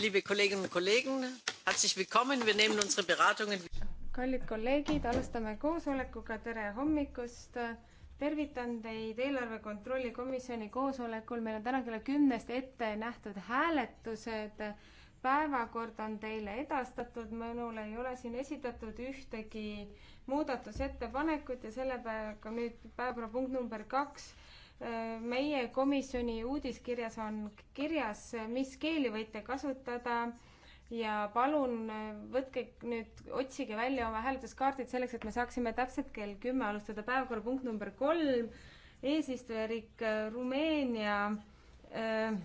liebe Kolleginnen und Kollegen, herzlich willkommen, wir nehmen unsere Beratungen. kallid kolleegid, alustame koosolekuga, tere hommikust. tervitan teid eelarve kontrolli komisjoni koosolekul, meil on täna kella kümnest ette nähtud hääletused. päevakord on teile edastatud, minul ei ole siin esitatud ühtegi muudatusettepanekut ja sellega nüüd päevakorrapunkt number kaks meie komisjoni uudiskirjas on kirjas, mis keeli võite kasutada ja palun võtke nüüd, otsige välja oma hääletuskaardid selleks, et me saaksime täpselt kell kümme alustada päevakorrapunkt number kolm, eesistujariik Rumeenia äh,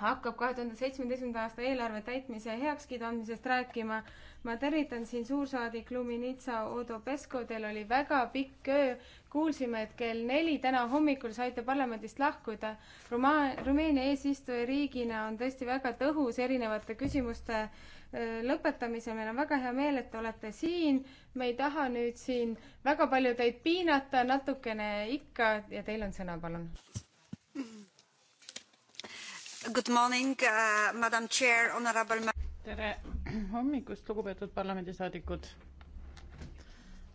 hakkab kahe tuhande seitsmeteistkümnenda aasta eelarve täitmise heakskiidu andmisest rääkima. ma tervitan siin suursaadik Luminitsa Odo Pesko, teil oli väga pikk öö. kuulsime, et kell neli täna hommikul saite parlamendist lahkuda. Ruma-, Rumeenia eesistujariigina on tõesti väga tõhus erinevate küsimuste lõpetamisel. meil on väga hea meel, et te olete siin. me ei taha nüüd siin väga palju teid piinata, natukene ikka ja teil on sõna, palun mm. -hmm Good morning uh,, madam chair, honorable. tere hommikust, lugupeetud parlamendisaadikud.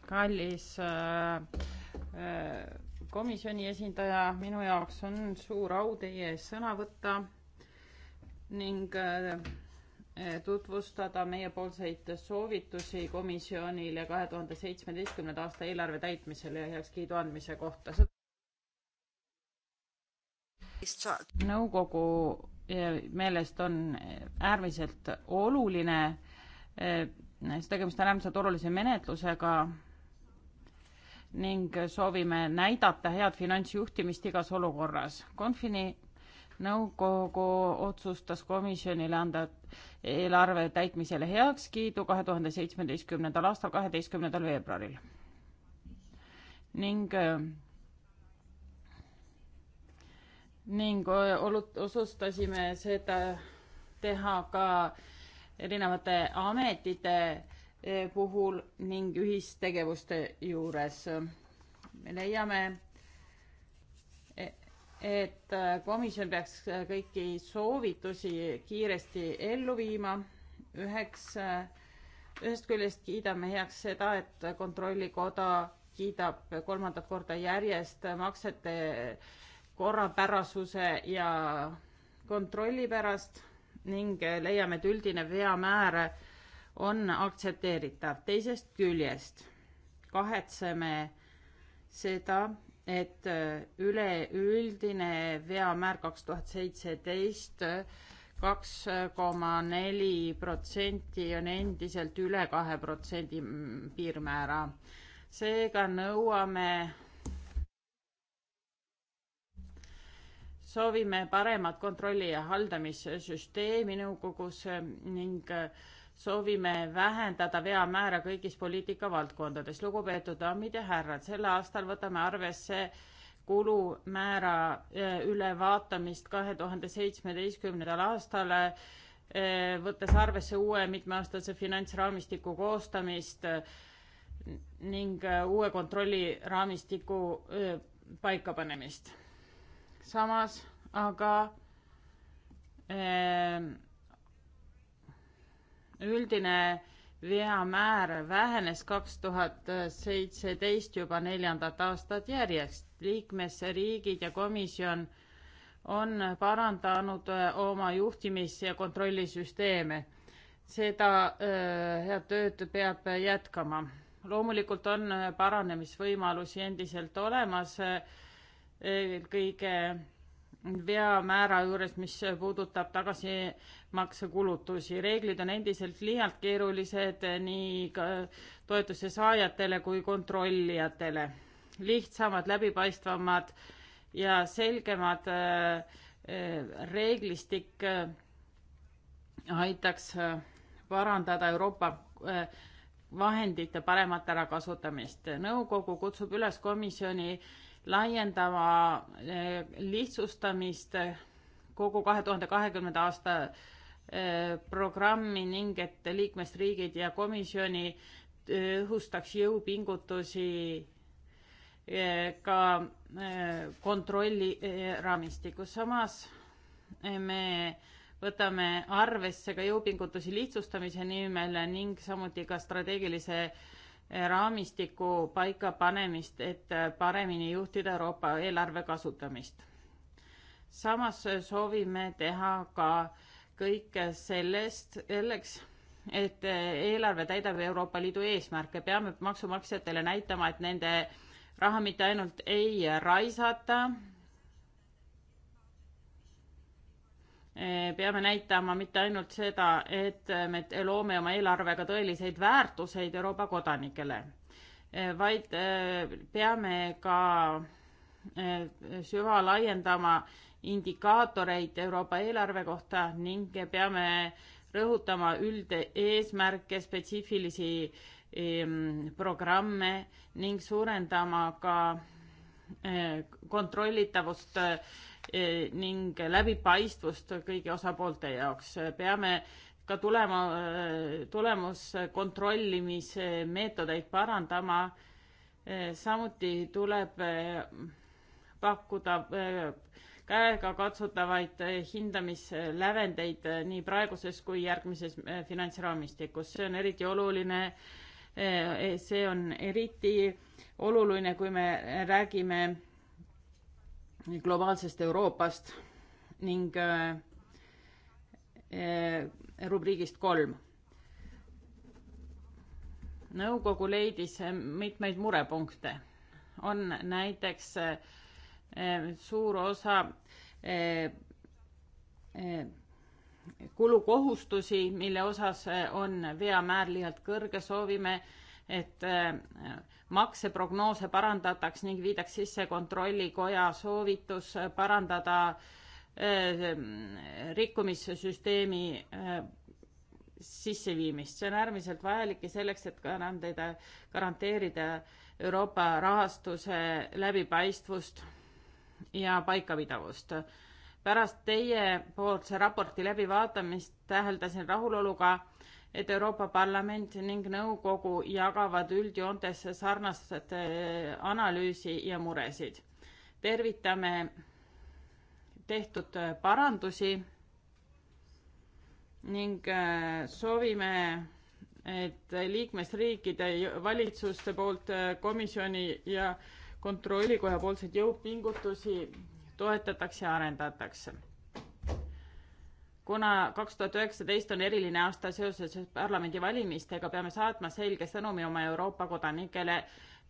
kallis äh, äh, komisjoni esindaja, minu jaoks on suur au teie ees sõna võtta ning äh, tutvustada meiepoolseid soovitusi komisjonile kahe tuhande seitsmeteistkümnenda aasta eelarve täitmisele ja heakskiidu andmise kohta nõukogu eh, meelest on äärmiselt oluline, eh, tegemist on äärmiselt olulise menetlusega ning soovime näidata head finantsjuhtimist igas olukorras. Confini nõukogu otsustas komisjonile anda eelarve täitmisele heakskiidu kahe tuhande seitsmeteistkümnendal aastal, kaheteistkümnendal veebruaril. ning eh, ning otsustasime seda teha ka erinevate ametite e, puhul ning ühistegevuste juures. me leiame, e, et komisjon peaks kõiki soovitusi kiiresti ellu viima. üheks, ühest küljest kiidame heaks seda, et Kontrollikoda kiidab kolmandat korda järjest maksete korrapärasuse ja kontrolli pärast ning leiame, et üldine veamäär on aktsepteeritav. teisest küljest kahetseme seda, et üleüldine veamäär kaks tuhat seitseteist kaks koma neli protsenti on endiselt üle kahe protsendi piirmäära. seega nõuame soovime paremat kontrolli ja haldamissüsteemi nõukogus ning soovime vähendada veamäära kõigis poliitikavaldkondades. lugupeetud daamid ja härrad, sel aastal võtame arvesse kulumäära eh, ülevaatamist kahe tuhande seitsmeteistkümnendal aastal, eh, võttes arvesse uue mitmeaastase finantsraamistiku koostamist ning eh, uue kontrolliraamistiku paikapanemist samas aga ehm, üldine veamäär vähenes kaks tuhat seitseteist juba neljandat aastat järjest. liikmesriigid ja komisjon on parandanud oma juhtimis- ja kontrollisüsteeme. seda head tööd peab jätkama. loomulikult on paranemisvõimalusi endiselt olemas eelkõige veamäära juures, mis puudutab tagasimaksekulutusi. reeglid on endiselt liialt keerulised nii toetuse saajatele kui kontrollijatele. lihtsamad, läbipaistvamad ja selgemad äh, reeglistik äh, aitaks äh, parandada Euroopa vahendite paremat ärakasutamist. nõukogu kutsub üles komisjoni laiendama eh, lihtsustamist eh, kogu kahe tuhande kahekümnenda aasta eh, programmi ning et liikmesriigid ja komisjoni tõhustaks jõupingutusi ka kontrolli raamistikus. samas me võtame arvesse ka jõupingutusi lihtsustamise nimel ning samuti ka strateegilise raamistiku paikapanemist, et paremini juhtida Euroopa eelarve kasutamist. samas soovime teha ka kõike sellest, selleks, et eelarve täidab Euroopa Liidu eesmärke, peame maksumaksjatele näitama, et nende raha mitte ainult ei raisata, Eh, peame näitama mitte ainult seda, et me loome oma eelarvega tõeliseid väärtuseid Euroopa kodanikele, eh, vaid eh, peame ka süvalaiendama indikaatoreid Euroopa eelarve kohta ning peame rõhutama üldeesmärke, spetsiifilisi ehm, programme ning suurendama ka kontrollitavust Eh, ning läbipaistvust kõigi osapoolte jaoks. peame ka tulema, eh, tulemuskontrollimise meetodeid parandama. Eh, samuti tuleb pakkuda käegakatsutavaid hindamislävendeid nii praeguses kui järgmises finantsraamistikus. see on eriti oluline. see on eriti oluline, kui me räägime globaalsest Euroopast ning äh, rubriigist kolm. nõukogu leidis mitmeid murepunkte. on näiteks äh, suur osa äh, kulukohustusi, mille osas on veamäär liialt kõrge, soovime, et makseprognoose parandataks ning viidaks sisse kontrollikoja soovitus parandada eh, rikkumissüsteemi eh, sisseviimist. see on äärmiselt vajalik ja selleks, et garanteerida, eh, garanteerida Euroopa rahastuse läbipaistvust ja paikapidavust. pärast teiepoolse raporti läbivaatamist täheldasin rahuloluga, et Euroopa Parlament ning nõukogu jagavad üldjoontes sarnast eh, analüüsi ja muresid. tervitame tehtud eh, parandusi ning eh, soovime, et liikmesriikide valitsuste poolt komisjoni ja kontrollikoja poolseid jõupingutusi toetatakse ja arendatakse kuna kaks tuhat üheksateist on eriline aasta seoses parlamendivalimistega, peame saatma selge sõnumi oma Euroopa kodanikele,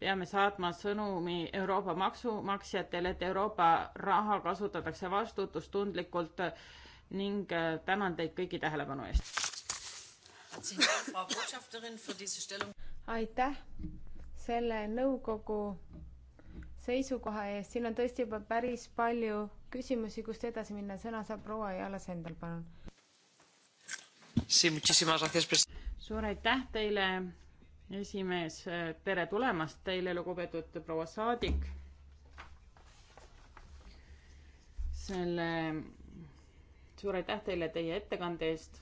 peame saatma sõnumi Euroopa maksumaksjatele, et Euroopa raha kasutatakse vastutustundlikult ning äh, tänan teid kõigi tähelepanu eest. aitäh selle nõukogu seisukoha eest, siin on tõesti juba päris palju küsimusi, kust edasi minna, sõna saab proua Jala Sendel, palun. suur aitäh teile, esimees, tere tulemast teile, lugupeetud proua saadik. selle, suur aitäh teile teie ettekande eest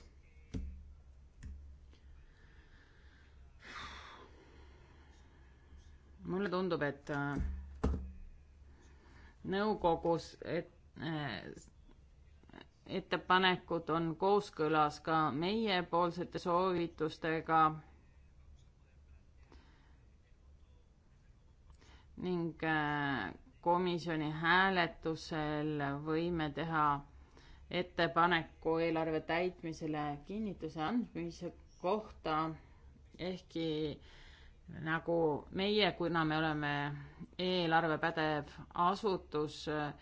mulle tundub, et nõukogus, et eh, ettepanekud on kooskõlas ka meiepoolsete soovitustega ning eh, komisjoni hääletusel võime teha ettepaneku eelarve täitmisele kinnituse andmise kohta, ehkki äh, nagu meie, kuna me oleme eelarvepädev asutus, eh,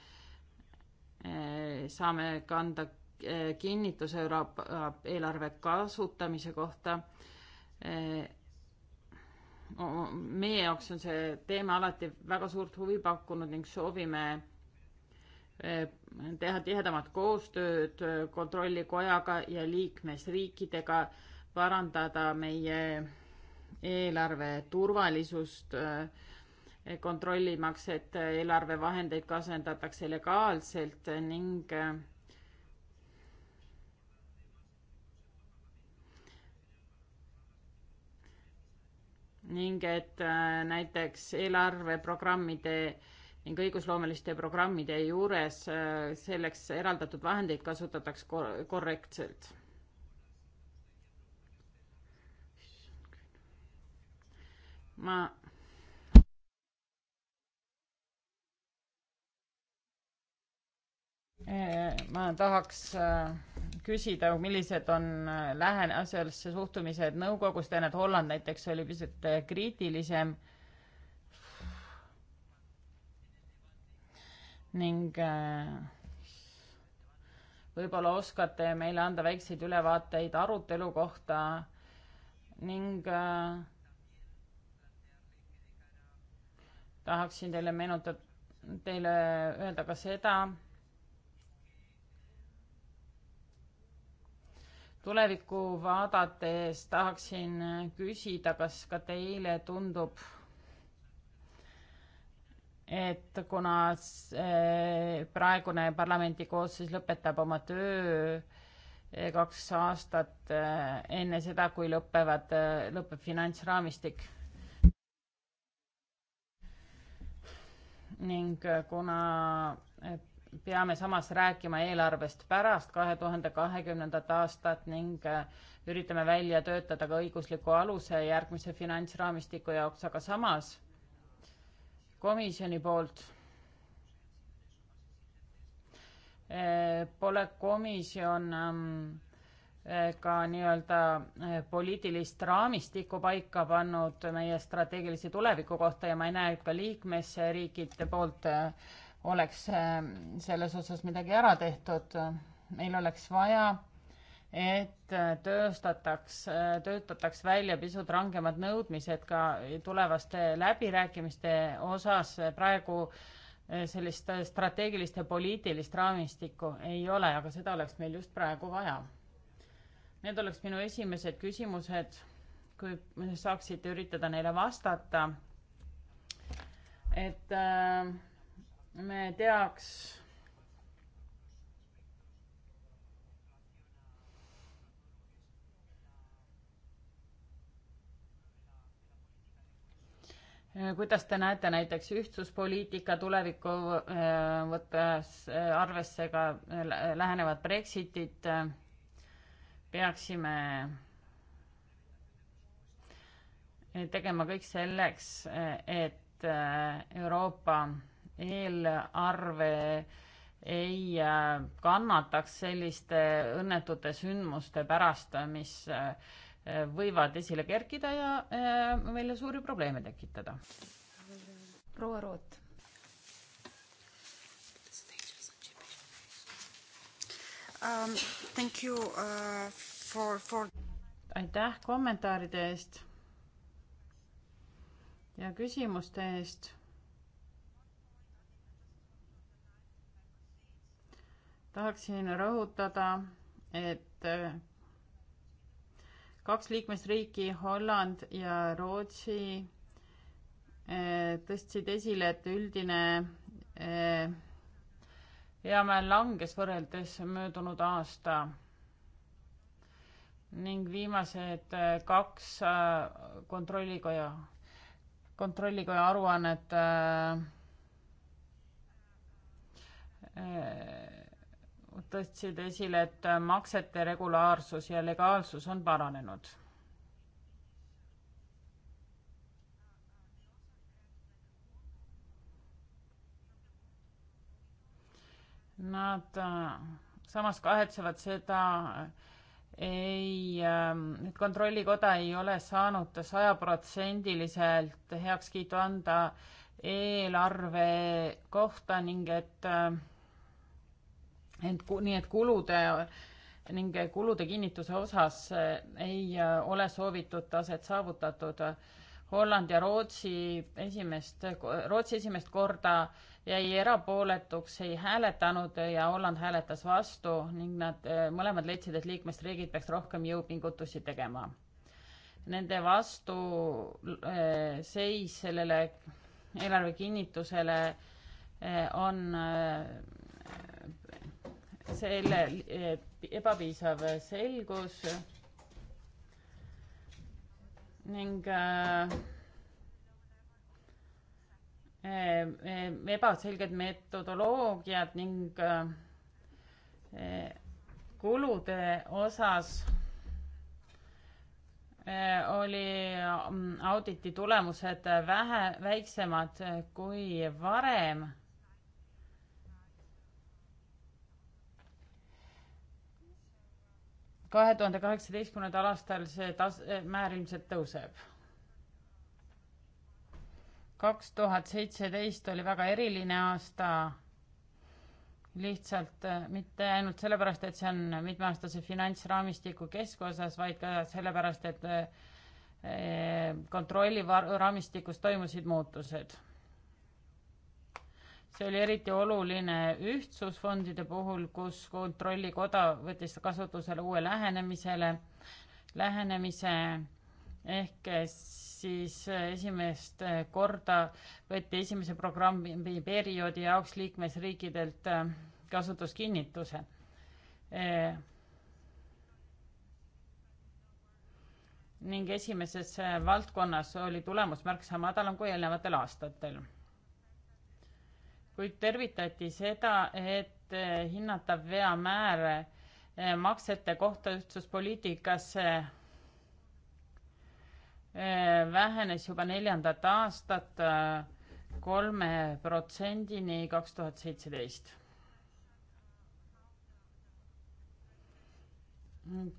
saame kanda eh, kinnituse Euroopa eh, eelarve kasutamise kohta. meie jaoks on see teema alati väga suurt huvi pakkunud ning soovime teha tihedamat koostööd kontrollikojaga ja liikmesriikidega, parandada meie eelarve turvalisust äh, kontrollimaks, et äh, eelarvevahendeid kasendatakse legaalselt ning äh, ning et näiteks eelarveprogrammide ning õigusloomeliste programmide juures selleks eraldatud vahendeid kasutataks korrektselt ma eh, ma tahaks äh, küsida, millised on äh, lähen-, asjasse suhtumised nõukogus, tean, et Holland näiteks oli pisut äh, kriitilisem. ning võib-olla oskate meile anda väikseid ülevaateid arutelu kohta ning äh, tahaksin teile meenutada, teile öelda ka seda, tulevikku vaadates tahaksin küsida, kas ka teile tundub, et kuna praegune parlamendi koosseis lõpetab oma töö eh, kaks aastat eh, enne seda, kui lõpevad, eh, lõpeb finantsraamistik ning äh, kuna äh, peame samas rääkima eelarvest pärast kahe tuhande kahekümnendat aastat ning äh, üritame välja töötada ka õigusliku aluse järgmise finantsraamistiku jaoks, aga samas komisjoni poolt pole komisjon ähm, Eh, ka nii-öelda eh, poliitilist raamistikku paika pannud meie strateegilise tuleviku kohta ja ma ei näe, et ka liikmesriikide poolt eh, oleks selles osas midagi ära tehtud. meil oleks vaja, et tööstataks, töötataks välja pisut rangemad nõudmised ka tulevaste läbirääkimiste osas. praegu sellist strateegilist ja poliitilist raamistikku ei ole, aga seda oleks meil just praegu vaja Need oleks minu esimesed küsimused, kui saaksite üritada neile vastata. et äh, me teaks kuidas te näete näiteks ühtsuspoliitika tulevikku, äh, võttes äh, arvesse ka äh, lähenevat Brexitit? peaksime tegema kõik selleks, et äh, Euroopa eelarve ei äh, kannataks selliste õnnetute sündmuste pärast, mis äh, võivad esile kerkida ja meile suuri probleeme tekitada. proua Root um,. Thank you uh, for, for. aitäh kommentaaride eest ja küsimuste eest. tahaksin rõhutada, et äh, kaks liikmesriiki, Holland ja Rootsi, äh, tõstsid esile, et üldine äh, ja me langes võrreldes möödunud aasta ning viimased äh, kaks äh, kontrollikoja, kontrollikoja aruannet äh, tõstsid esile, et maksete regulaarsus ja legaalsus on paranenud Nad äh, samas kahetsevad seda, ei, ähm, et Kontrollikoda ei ole saanud sajaprotsendiliselt heakskiitu anda eelarve kohta ning et, äh, et nii, et kulude ning kulude kinnituse osas äh, ei ole soovitud taset saavutatud. Holland ja Rootsi esimest, Rootsi esimest korda jäi erapooletuks, ei hääletanud ja Holland hääletas vastu ning nad eh, mõlemad leidsid, et liikmesriigid peaks rohkem jõupingutusi tegema. Nende vastuseis eh, sellele eelarve kinnitusele eh, on selle ebapiisav selgus ning äh, Eh, eh, ebaselged metodoloogiad ning eh, kulude osas oli mm, auditi tulemused vähe, väiksemad kui varem. kahe tuhande kaheksateistkümnendal aastal see tas-, määr ilmselt tõuseb kaks tuhat seitseteist oli väga eriline aasta, lihtsalt äh, mitte ainult sellepärast, et see on mitmeaastase finantsraamistiku keskosas, vaid ka sellepärast, et äh, äh, kontrolli raamistikus toimusid muutused. see oli eriti oluline ühtsusfondide puhul, kus kontrollikoda võttis kasutusele uue lähenemisele, lähenemise ehk eh, siis eh, esimest eh, korda võeti esimese programmi perioodi jaoks liikmesriikidelt kasutuskinnituse. ning esimeses valdkonnas oli tulemus märksa madalam kui eelnevatel aastatel. kuid tervitati seda, et hinnatav veamäär maksete kohta ühtsuspoliitikasse Äh, vähenes juba neljandat aastat äh, kolme protsendini kaks tuhat seitseteist.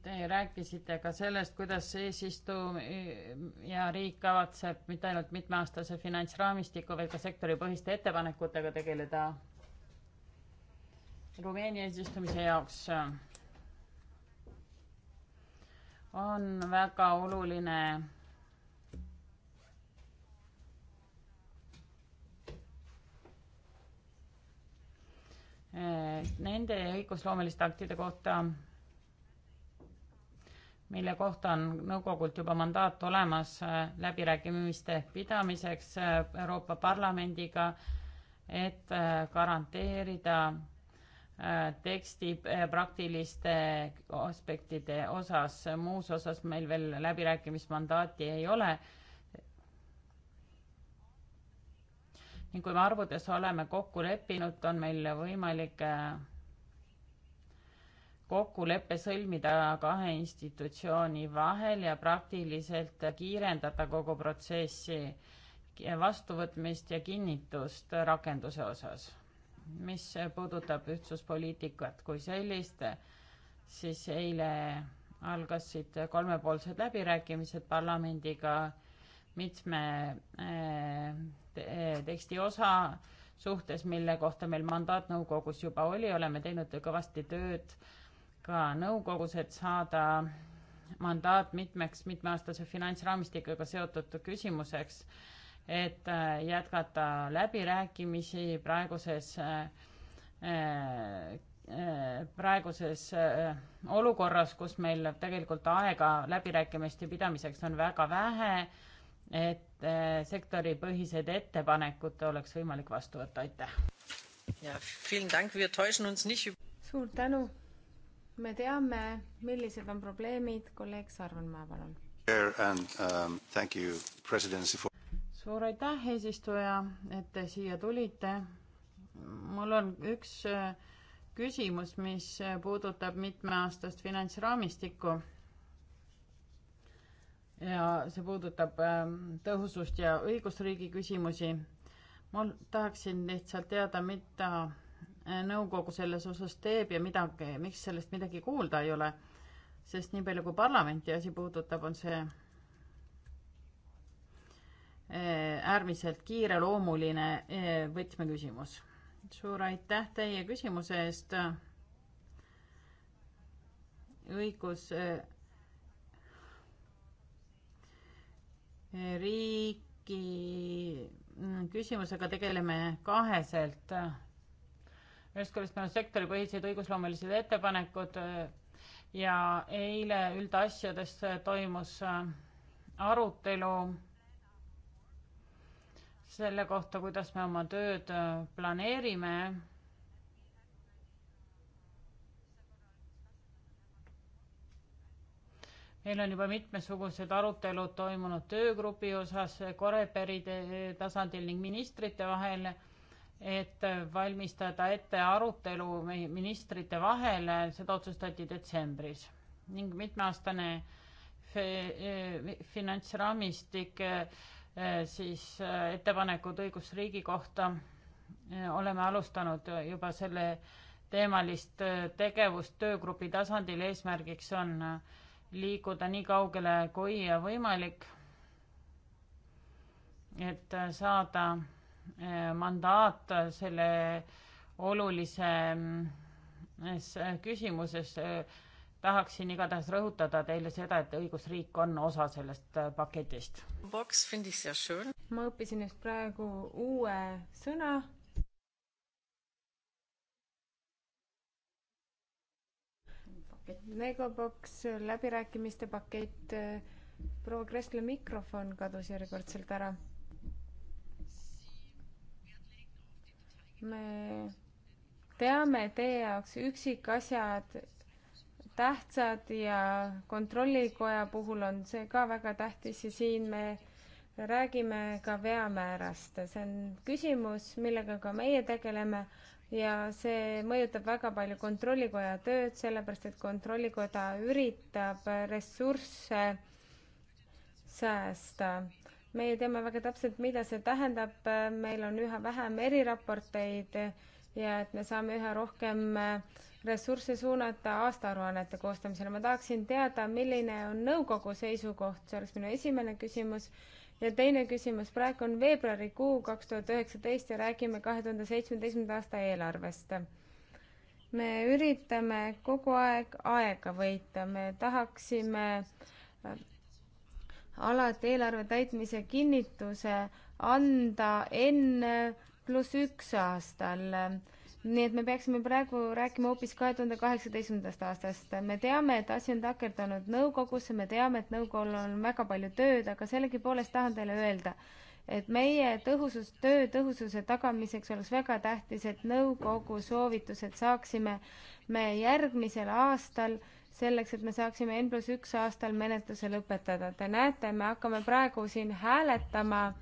Te rääkisite ka sellest, kuidas eesistuja riik kavatseb mitte ainult mitmeaastase finantsraamistiku, vaid ka sektoripõhiste ettepanekutega tegeleda Rumeenia eesistumise jaoks on väga oluline Äh, nende õigusloomeliste aktide kohta, mille kohta on nõukogult juba mandaat olemas äh, läbirääkimiste pidamiseks äh, Euroopa Parlamendiga, et garanteerida teksti praktiliste aspektide osas, muus osas meil veel läbirääkimismandaati ei ole ning kui me arvudes oleme kokku leppinud, on meil võimalik äh, kokkulepe sõlmida kahe institutsiooni vahel ja praktiliselt kiirendada kogu protsessi vastuvõtmist ja kinnitust rakenduse osas. mis puudutab ühtsuspoliitikat kui sellist, siis eile algasid kolmepoolsed läbirääkimised parlamendiga mitme eh, eh, teksti osa suhtes, mille kohta meil mandaat nõukogus juba oli, oleme teinud kõvasti tööd ka nõukogus, et saada mandaat mitmeks mitmeaastase finantsraamistikuga seotud küsimuseks, et eh, jätkata läbirääkimisi praeguses praeguses olukorras, kus meil tegelikult aega läbirääkimiste pidamiseks on väga vähe et eh, sektoripõhised ettepanekud oleks võimalik vastu võtta, aitäh! suur tänu! me teame, millised on probleemid, kolleeg Sarvenmaa, palun! Um, suur aitäh, eesistuja, et te siia tulite. mul on üks eh, küsimus, mis eh, puudutab mitmeaastast finantsraamistikku ja see puudutab ähm, tõhusust ja õigusriigi küsimusi. ma tahaksin lihtsalt teada, mida äh, nõukogu selles osas teeb ja midagi, miks sellest midagi kuulda ei ole. sest nii palju, kui parlamenti asi puudutab, on see äh, äärmiselt kiireloomuline äh, võtmeküsimus. suur aitäh teie küsimuse eest. õigus riigi mm, küsimusega tegeleme kaheselt. ühest küljest meil on sektoripõhised õigusloomelised ettepanekud äh, ja eile üldasjades äh, toimus äh, arutelu selle kohta, kuidas me oma tööd planeerime meil on juba mitmesugused arutelud toimunud töögrupi osas Koreperide eh, tasandil ning ministrite vahel, et valmistada ette arutelu ministrite vahel, seda otsustati detsembris ning mitmeaastane eh, finantsraamistik eh, siis ettepanekud õigusriigi kohta. oleme alustanud juba selle teemalist tegevust töögrupi tasandil, eesmärgiks on äh, liikuda nii kaugele kui võimalik, et saada eh, mandaat selle olulises mm, küsimuses. tahaksin igatahes rõhutada teile seda, et õigusriik on osa sellest eh, paketist. ma õppisin just praegu uue sõna Negobox, läbirääkimiste pakett, proua Kressle mikrofon kadus järjekordselt ära. me teame teie jaoks üksikasjad tähtsad ja kontrollikoja puhul on see ka väga tähtis ja siin me räägime ka veamäärast. see on küsimus, millega ka meie tegeleme, ja see mõjutab väga palju Kontrollikoja tööd, sellepärast et Kontrollikoda üritab ressursse säästa. meie teame väga täpselt, mida see tähendab, meil on üha vähem eriraporteid ja et me saame üha rohkem ressursse suunata aastaaruannete koostamisele. ma tahaksin teada, milline on nõukogu seisukoht, see oleks minu esimene küsimus ja teine küsimus, praegu on veebruarikuu kaks tuhat üheksateist ja räägime kahe tuhande seitsmeteistkümnenda aasta eelarvest. me üritame kogu aeg aega võita, me tahaksime äh, alati eelarve täitmise kinnituse anda enne pluss üks aastal nii et me peaksime praegu rääkima hoopis kahe tuhande kaheksateistkümnendast aastast. me teame, et asi on takerdunud nõukogusse, me teame, et nõukogul on väga palju tööd, aga sellegipoolest tahan teile öelda, et meie tõhusus, töö tõhususe tagamiseks oleks väga tähtis, et nõukogu soovitused saaksime me järgmisel aastal selleks, et me saaksime N pluss üks aastal menetluse lõpetada. Te näete, me hakkame praegu siin hääletama äh,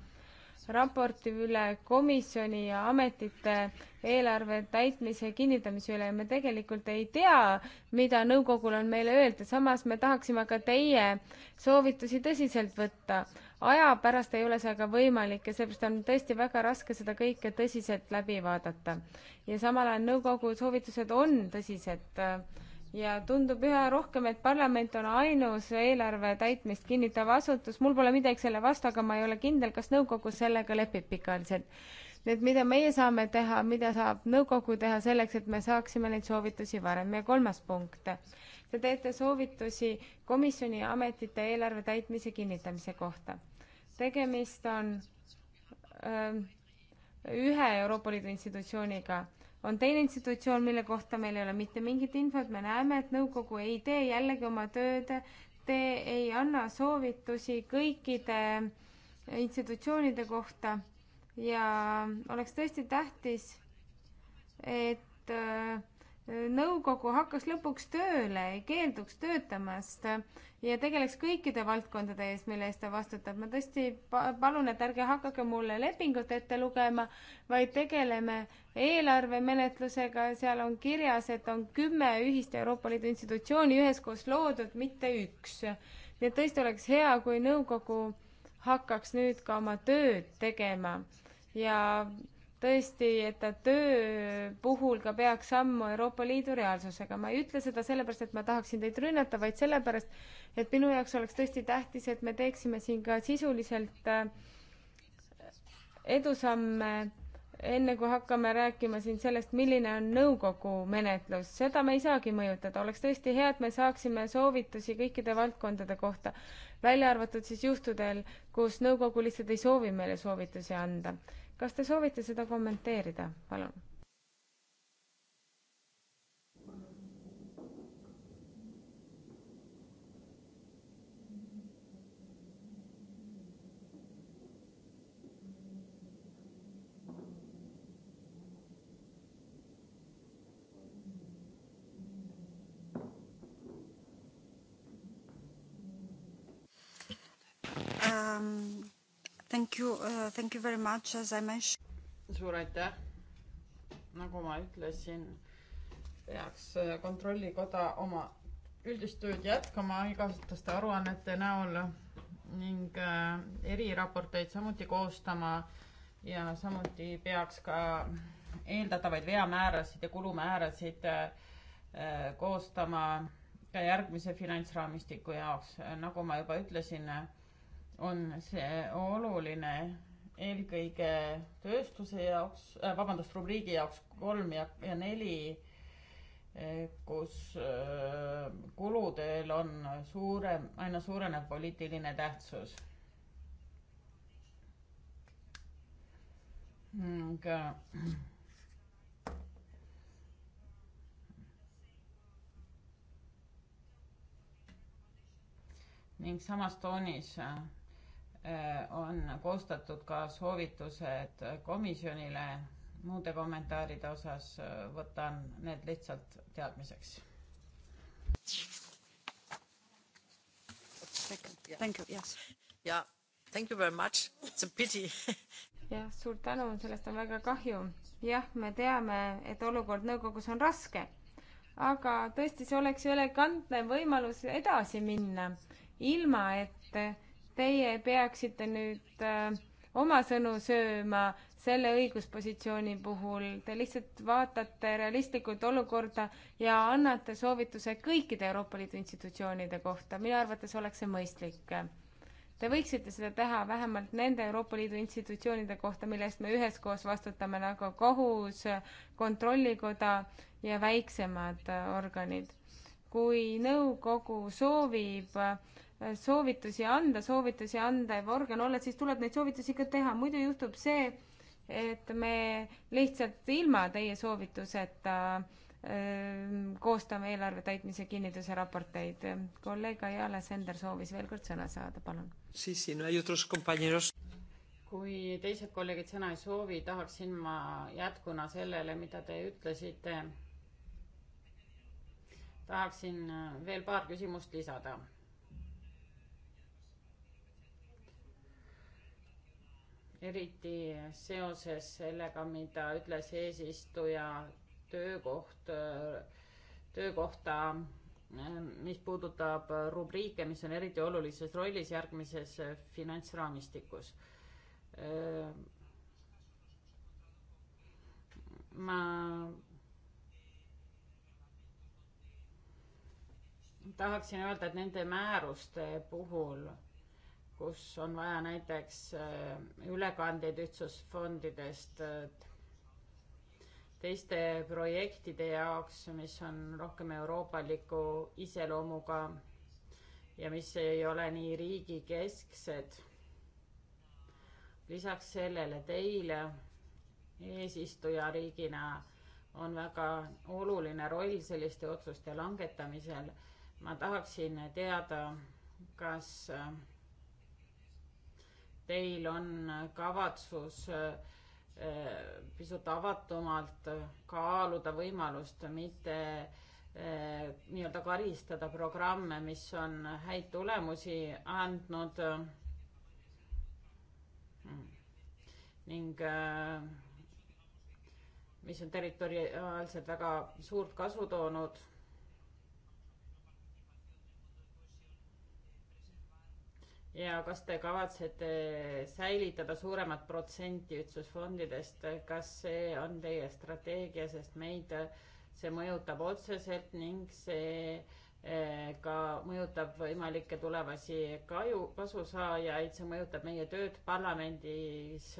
raporti üle komisjoni ja ametite eelarve täitmise kinnitamise üle ja me tegelikult ei tea, mida nõukogul on meile öelda, samas me tahaksime ka teie soovitusi tõsiselt võtta. aja pärast ei ole see aga võimalik ja seepärast on tõesti väga raske seda kõike tõsiselt läbi vaadata. ja samal ajal nõukogu soovitused on tõsised äh, ja tundub üha rohkem, et parlament on ainus eelarve täitmist kinnitav asutus, mul pole midagi selle vastu, aga ma ei ole kindel, kas nõukogu sellega lepib pikaajaliselt. nii et mida meie saame teha, mida saab nõukogu teha selleks, et me saaksime neid soovitusi varem ja kolmas punkt. Te teete soovitusi komisjoni ametite eelarve täitmise kinnitamise kohta. tegemist on öö, ähm, ühe Euroopa Liidu institutsiooniga on teine institutsioon, mille kohta meil ei ole mitte mingit infot, me näeme, et nõukogu ei tee jällegi oma tööd, te ei anna soovitusi kõikide institutsioonide kohta ja oleks tõesti tähtis, et äh, nõukogu hakkas lõpuks tööle, keelduks töötamast ja tegeleks kõikide valdkondade ees, mille eest ta vastutab. ma tõesti palun, et ärge hakake mulle lepingut ette lugema, vaid tegeleme eelarvemenetlusega, seal on kirjas, et on kümme ühist Euroopa Liidu institutsiooni üheskoos loodud, mitte üks. nii et tõesti oleks hea, kui nõukogu hakkaks nüüd ka oma tööd tegema ja tõesti, et ta töö puhul ka peaks sammu Euroopa Liidu reaalsusega. ma ei ütle seda sellepärast, et ma tahaksin teid rünnata, vaid sellepärast, et minu jaoks oleks tõesti tähtis, et me teeksime siin ka sisuliselt äh, edusamme, enne kui hakkame rääkima siin sellest, milline on nõukogu menetlus. seda me ei saagi mõjutada. oleks tõesti hea, et me saaksime soovitusi kõikide valdkondade kohta, välja arvatud siis juhtudel, kus nõukogu lihtsalt ei soovi meile soovitusi anda kas te soovite seda kommenteerida, palun? Um, Thank you uh,, thank you very much, as I mentioned. suur aitäh. nagu ma ütlesin, peaks äh, Kontrollikoda oma üldist tööd jätkama igasuguste aruannete näol ning äh, eriraporteid samuti koostama ja samuti peaks ka eeldatavaid veamäärasid ja kulumäärasid äh, äh koostama ka järgmise finantsraamistiku jaoks. nagu ma juba ütlesin äh,, on see oluline eelkõige tööstuse jaoks äh,, vabandust, rubriigi jaoks kolm ja, ja neli, eh, kus äh, kuludel on suurem, aina suurenev poliitiline tähtsus. Äh, aga ning samas toonis äh, Äh, on koostatud ka soovitused komisjonile muude kommentaaride osas, äh, võtan need lihtsalt teadmiseks. ja thank you very much, it's a pity jah, suur tänu, sellest on väga kahju. jah, me teame, et olukord nõukogus on raske, aga tõesti, see oleks ju elegantne võimalus edasi minna, ilma et teie peaksite nüüd äh, oma sõnu sööma selle õiguspositsiooni puhul, te lihtsalt vaatate realistlikult olukorda ja annate soovituse kõikide Euroopa Liidu institutsioonide kohta, minu arvates oleks see mõistlik. Te võiksite seda teha vähemalt nende Euroopa Liidu institutsioonide kohta, mille eest me üheskoos vastutame, nagu kohus, kontrollikoda ja väiksemad organid. kui nõukogu soovib äh, soovitusi anda, soovitusi andev organ olla, siis tuleb neid soovitusi ka teha, muidu juhtub see, et me lihtsalt ilma teie soovituseta ähm, koostame eelarve täitmise kinnituse raporteid. kolleeg Ayala Sender soovis veel kord sõna saada, palun. kui teised kolleegid sõna ei soovi, tahaksin ma jätkuna sellele, mida te ütlesite, tahaksin äh, veel paar küsimust lisada eriti seoses sellega, mida ütles eesistuja töökoht, töökohta, mis puudutab rubriike, mis on eriti olulises rollis järgmises finantsraamistikus. ma tahaksin öelda, et nende määruste puhul kus on vaja näiteks äh, ülekandeid ühtsusfondidest äh, teiste projektide jaoks, mis on rohkem euroopaliku iseloomuga ja mis ei ole nii riigikesksed. lisaks sellele teile eesistujariigina on väga oluline roll selliste otsuste langetamisel. ma tahaksin teada, kas äh, teil on kavatsus eh, pisut avatumalt kaaluda võimalust mitte eh, nii-öelda karistada programme, mis on häid tulemusi andnud ning eh, mis on territoriaalselt väga suurt kasu toonud ja kas te kavatsete säilitada suuremat protsenti ütsusfondidest, kas see on teie strateegia, sest meid see mõjutab otseselt ning see eh, ka mõjutab võimalikke tulevasi kaju, kasusaajaid, see mõjutab meie tööd parlamendis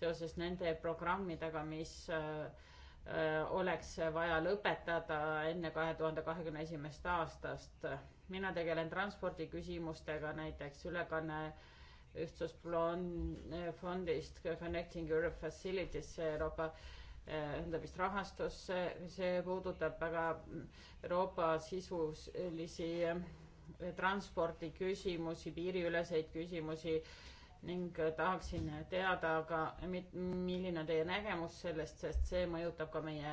seoses nende programmidega, mis eh, oleks vaja lõpetada enne kahe tuhande kahekümne esimest aastast mina tegelen transpordiküsimustega, näiteks ülekanne ühtsusfondist eh, Connecting Europe Facility'sse Euroopa ühendamist eh, rahastusse, see puudutab väga Euroopa sisulisi eh, transpordiküsimusi, piiriüleseid küsimusi ning tahaksin teada ka, milline on teie nägemus sellest, sest see mõjutab ka meie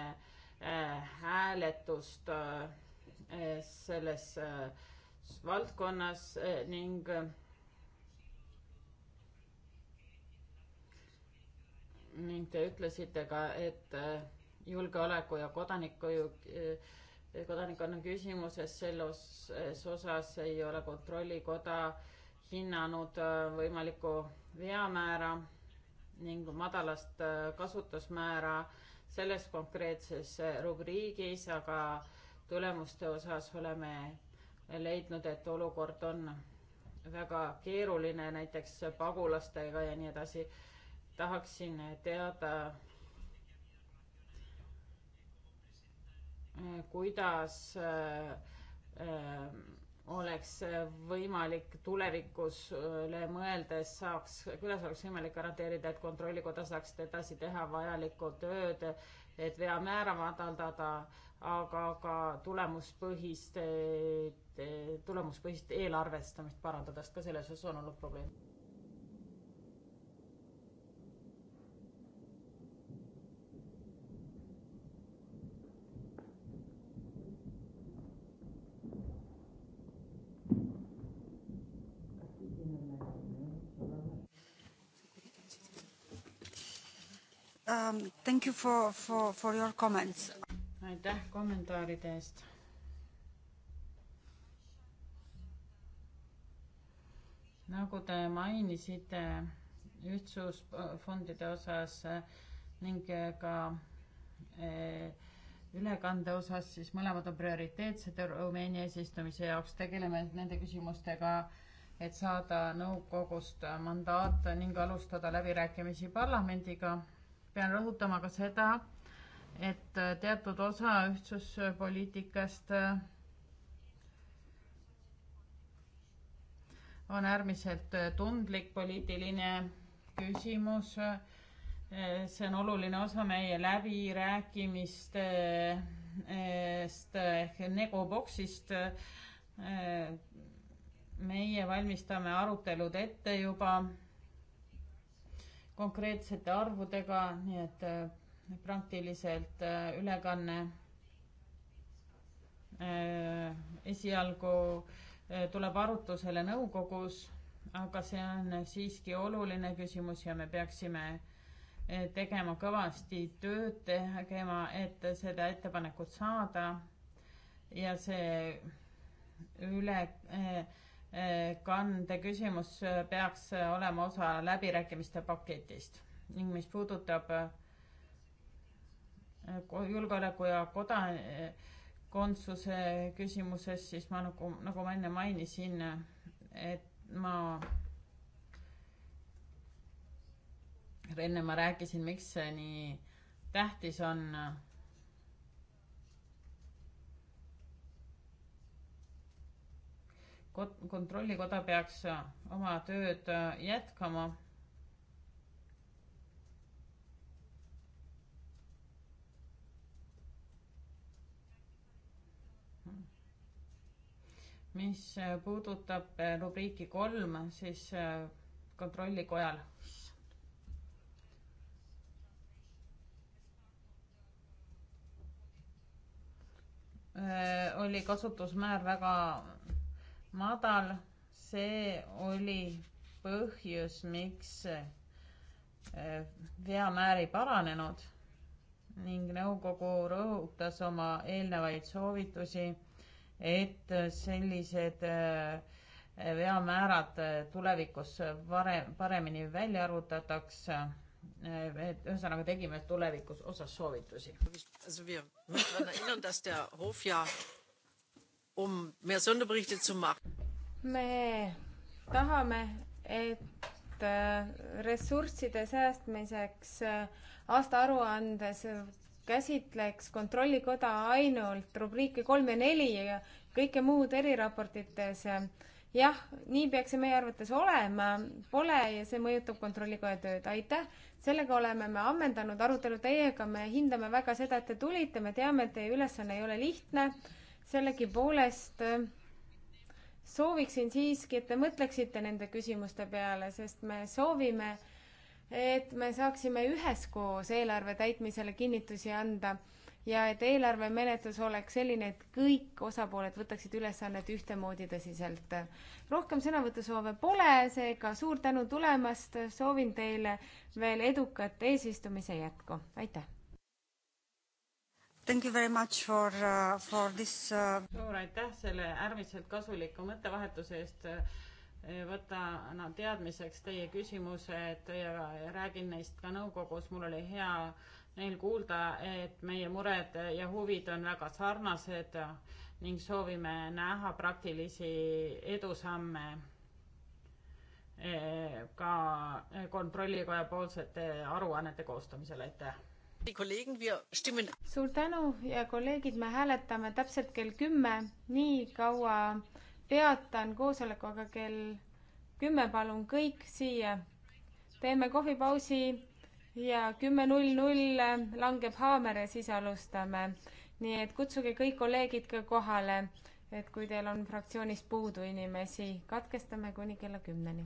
hääletust äh, Eh, selles eh, valdkonnas eh, ning ning te ütlesite ka, et julgeoleku ja kodaniku, kodanikkonna küsimuses selles osas ei ole Kontrollikoda hinnanud võimalikku veamäära ning madalast kasutusmäära selles konkreetses rubriigis, aga tulemuste osas oleme leidnud, et olukord on väga keeruline, näiteks pagulastega ja nii edasi. tahaksin teada, eh, kuidas eh, eh, oleks võimalik tulevikule mõeldes saaks, kuidas oleks võimalik garanteerida, et kontrollikoda saaks edasi teha vajalikku tööd, et veamäär avaldada äh, aga ka tulemuspõhist, tulemuspõhist eelarvestamist parandada, sest ka selles osas on olnud probleem. Um, thank you for, for, for your comments aitäh kommentaaride eest. nagu te mainisite ühtsusfondide osas eh, ning eh, ka eh, ülekande osas, siis mõlemad on prioriteetsed Rumeenia eesistumise jaoks, tegeleme nende küsimustega, et saada nõukogust mandaat ning alustada läbirääkimisi parlamendiga. pean rõhutama ka seda, et äh, teatud osa ühtsuspoliitikast äh, on äärmiselt äh, tundlik poliitiline küsimus. see on oluline osa meie läbirääkimistest ehk negoboksist. meie valmistame arutelud ette juba konkreetsete arvudega, nii et praktiliselt äh, ülekanne äh, esialgu äh, tuleb arutusele nõukogus, aga see on siiski oluline küsimus ja me peaksime tegema kõvasti tööd tegema, et seda ettepanekut saada ja see ülekande küsimus peaks olema osa läbirääkimiste paketist ning mis puudutab julgeoleku ja kodakondsuse küsimuses, siis ma nagu, nagu ma enne mainisin, et ma, enne ma rääkisin, miks see nii tähtis on. kontrollikoda peaks oma tööd jätkama mis äh, puudutab äh, rubriiki kolm, siis äh, kontrollikojal. oli kasutusmäär väga madal, see oli põhjus, miks veamäär ei paranenud ning nõukogu rõhutas oma eelnevaid soovitusi et sellised äh, veamäärad äh, tulevikus varem, paremini välja arvutataks. Äh, et ühesõnaga tegime tulevikus osas soovitusi. Um me tahame, et ressursside säästmiseks aastaaruandes käsitleks Kontrollikoda ainult rubriike kolm ja neli ja kõike muud eriraportites. jah, nii peaks see meie arvates olema, pole ja see mõjutab Kontrollikoja tööd, aitäh. sellega oleme me ammendanud arutelu teiega, me hindame väga seda, et te tulite, me teame, et teie ülesanne ei ole lihtne. sellegipoolest sooviksin siiski, et te mõtleksite nende küsimuste peale, sest me soovime et me saaksime üheskoos eelarve täitmisele kinnitusi anda ja et eelarvemenetlus oleks selline, et kõik osapooled võtaksid ülesannet ühtemoodi tõsiselt. rohkem sõnavõtusoove pole, seega suur tänu tulemast, soovin teile veel edukat eesistumise jätku, aitäh! Thank you very much for uh,, for this uh.... suur aitäh selle äärmiselt kasuliku mõttevahetuse eest uh, Eh, võtan no, teadmiseks teie küsimused ja räägin neist ka nõukogus. mul oli hea meel kuulda, et meie mured ja huvid on väga sarnased ning soovime näha praktilisi edusamme eh, ka kontrollikoja poolsete aruannete koostamisel, aitäh! suur tänu ja kolleegid, me hääletame täpselt kell kümme, nii kaua peatan koosoleku aga kell kümme, palun kõik siia. teeme kohvipausi ja kümme null null langeb haamer ja siis alustame. nii et kutsuge kõik kolleegid ka kohale, et kui teil on fraktsioonis puudu inimesi, katkestame kuni kella kümneni.